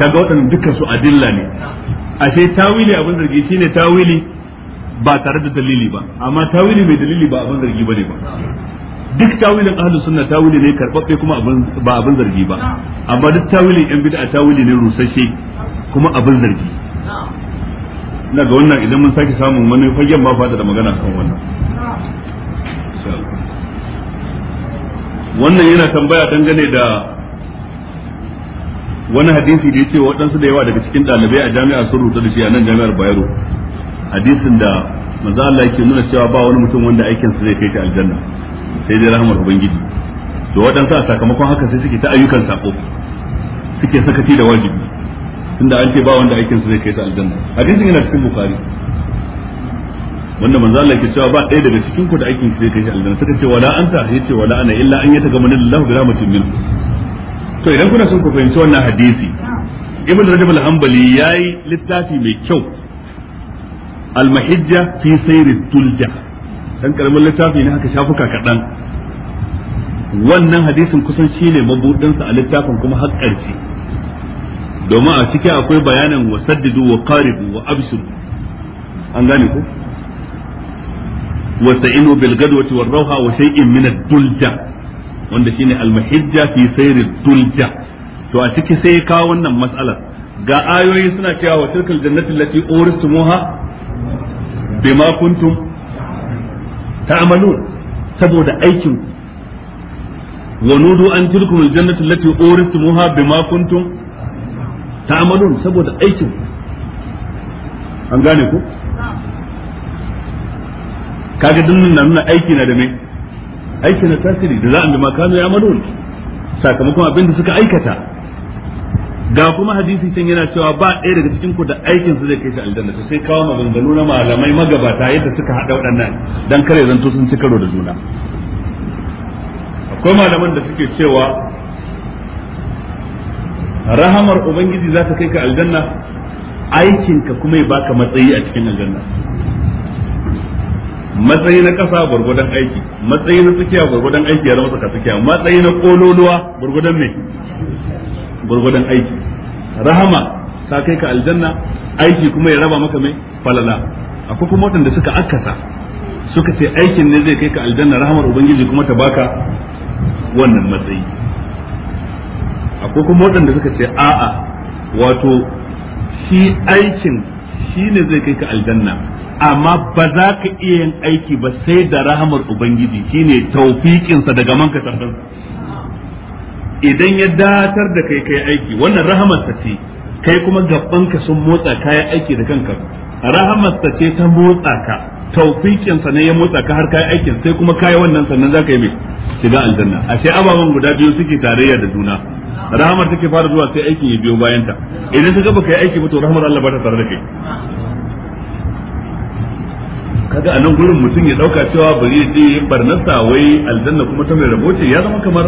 kaga waɗannan dukkan su adilla ne a ce tawili abin zargi shine tawili ba tare da dalili ba amma tawili mai dalili ba abin zargi bane ba duk tawilin ahlus sunna tawili ne karbabbe kuma abin ba abin zargi ba amma duk tawilin yan bid'a tawili ne rusashe kuma abin zargi na ga wannan idan mun sake samun wani fagen ba fada da magana kan wannan wannan yana tambaya dangane da wani hadisi da ya ce waɗansu da yawa daga cikin ɗalibai a jami'a sun rutu da shi a nan jami'ar bayero hadisin da manzo Allah yake nuna cewa ba wani mutum wanda aikinsa zai kai ta aljanna sai dai rahmar ubangiji to waɗansu a sakamakon haka sai suke ta ayyukan sako suke sakaci da wajibi tunda an ce ba wanda aikin su zai kai ta aljanna hadisin yana cikin bukhari wanda manzo Allah ke cewa ba ɗaya daga cikin ku da aikin su zai kai ta aljanna suka ce wala anta ce wala ana illa an yata gaman Allah bi rahmatin min to idan kuna son ku fahimci wannan hadisi ibn rajab al-hanbali yayi littafi mai kyau al-mahijja fi sayr tulja dan karamin littafi ne haka shafuka kaɗan wannan hadisin kusan shine mabudinsa a littafin kuma haƙƙarci. domin a ciki akwai bayanin wa saddidu wa qaribu wa abshiru an gane ko wa sa'inu bil gadwati war rawha wa shay'in min ad-dulja wanda shine al-mahijja fi sayr ad-dulja to a ciki sai ka wannan mas'alar ga ayoyi suna cewa wa tilkal jannati allati uristumuha bima kuntum ta'malun saboda aikin ku wa nudu an tilkum aljannatu allati uristumuha bima kuntum ta'malun saboda aikin an gane ku kaga dinnan na nuna aiki na da mai aiki na tasiri da za a bi makanu ya malun sakamakon abin da suka aikata ga kuma hadisi can yana cewa ba ɗaya daga cikin ku da aikin su zai kai shi aljanna to sai kawo maganganu na malamai magabata yadda suka haɗa waɗannan dan kare zanto sun ci karo da juna akwai malaman da suke cewa rahamar ubangiji za ta kai ka aljanna aikinka kuma ya baka matsayi a cikin aljanna matsayi na ƙasa gwargwadon aiki matsayi na tsakiya gwargwadon aiki ya zama tsakiya matsayi na kololuwa gwargwadon me gurgudan aiki rahama ta kai ka aljanna aiki kuma ya raba maka mai falala akwai kuma waɗanda suka akasa suka ce aikin ne zai kai ka aljanna rahamar ubangiji kuma ta baka wannan matsayi akwai kuma waɗanda suka ce a'a wato shi aikin shi ne zai kai ka aljanna amma ba za ka iya yin aiki ba sai da rahamar ubangiji shine taufikinsa daga manka tardar idan ya datar da kai kai aiki wannan rahamarsa ce kai kuma ka sun motsa kayan aiki da kanka rahamarsa ce ta motsa ka taufikinsa ne ya motsa ka har kayan aikin sai kuma kayi wannan sannan za ka yi mai shiga aljanna A sai ababen guda biyu suke tarayya da juna rahamar take fara zuwa sai aikin ya biyo bayanta idan ka gaba kai aiki ba to rahamar Allah ba ta tare da kai kaga a nan gurin mutum ya dauka cewa bari ya je barnasa wai aljanna kuma ta mai rabo ce ya zama kamar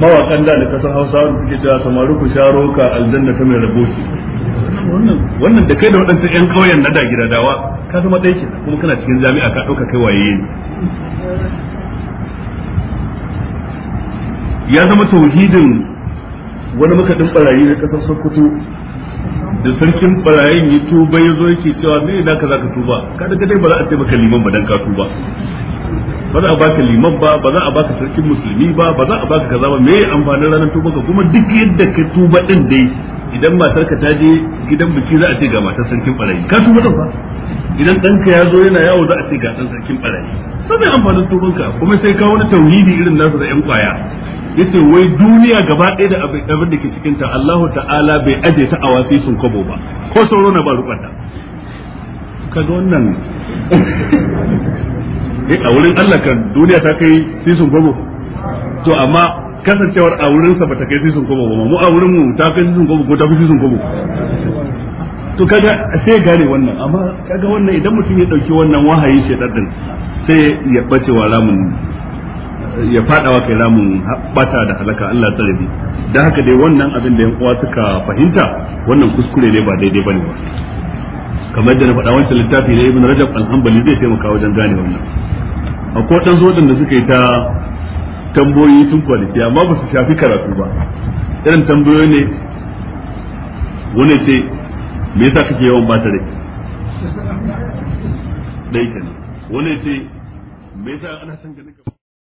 mawakan da da kasar hausa da suke cewa samaru ku sharo ka aljanna ta mai rabo shi wannan da kai da waɗansu ƴan ƙauyen na da dawa ka zama ɗaya kuma kana cikin jami'a ka ɗauka kai waye ne ya zama tauhidin wani makaɗin ɓarayi na ƙasar sokoto da sarkin ɓarayin ya tuba ya zo yake cewa ne na ka za ka tuba ka daga dai ba za a taimaka liman ba dan ka tuba ba za a baka liman ba ba za a baka sarkin musulmi ba ba za a baka kaza ba me amfanin ranar tuba ka kuma duk yadda ka tuba din dai idan matar ka ta je gidan biki za a ce ga matar sarkin barayi ka tuba din ba idan ɗanka ya zo yana yawo za a ce ga ɗan sarkin barayi sai mai amfanin tuban ka kuma sai ka wani tauhidi irin nasu da yan kwaya yace wai duniya gaba ɗaya da abin da ke cikin ta Allahu ta'ala bai aje ta a wasi sun kobo ba ko sauro na ba rubanta kaga wannan Eh, a wurin Allah kan duniya ta kai sisin kobo to amma kasancewar a wurin sa bata kai sisin kobo ba mu a wurin mu ta kai sisin kobo ko ta kai sisin kobo to kaga sai gane wannan amma kaga wannan idan mutum ya dauki wannan wahayi shedar din sai ya bace wa ramun ya fadawa kai ramun bata da halaka Allah tsare rabi dan haka dai wannan abin da yan uwa suka fahimta wannan kuskure ne ba daidai bane ba kamar da na faɗa wancan littafi na ibn rajab al-hanbali zai taimaka wajen gane wannan akwai dan zodan da suka yi ta tamboyi tun kwanaki amma ba su shafi karatu ba irin tambayoyi ne wani ce me yasa kake yawan bata rai dai kenan wani ce me yasa ana san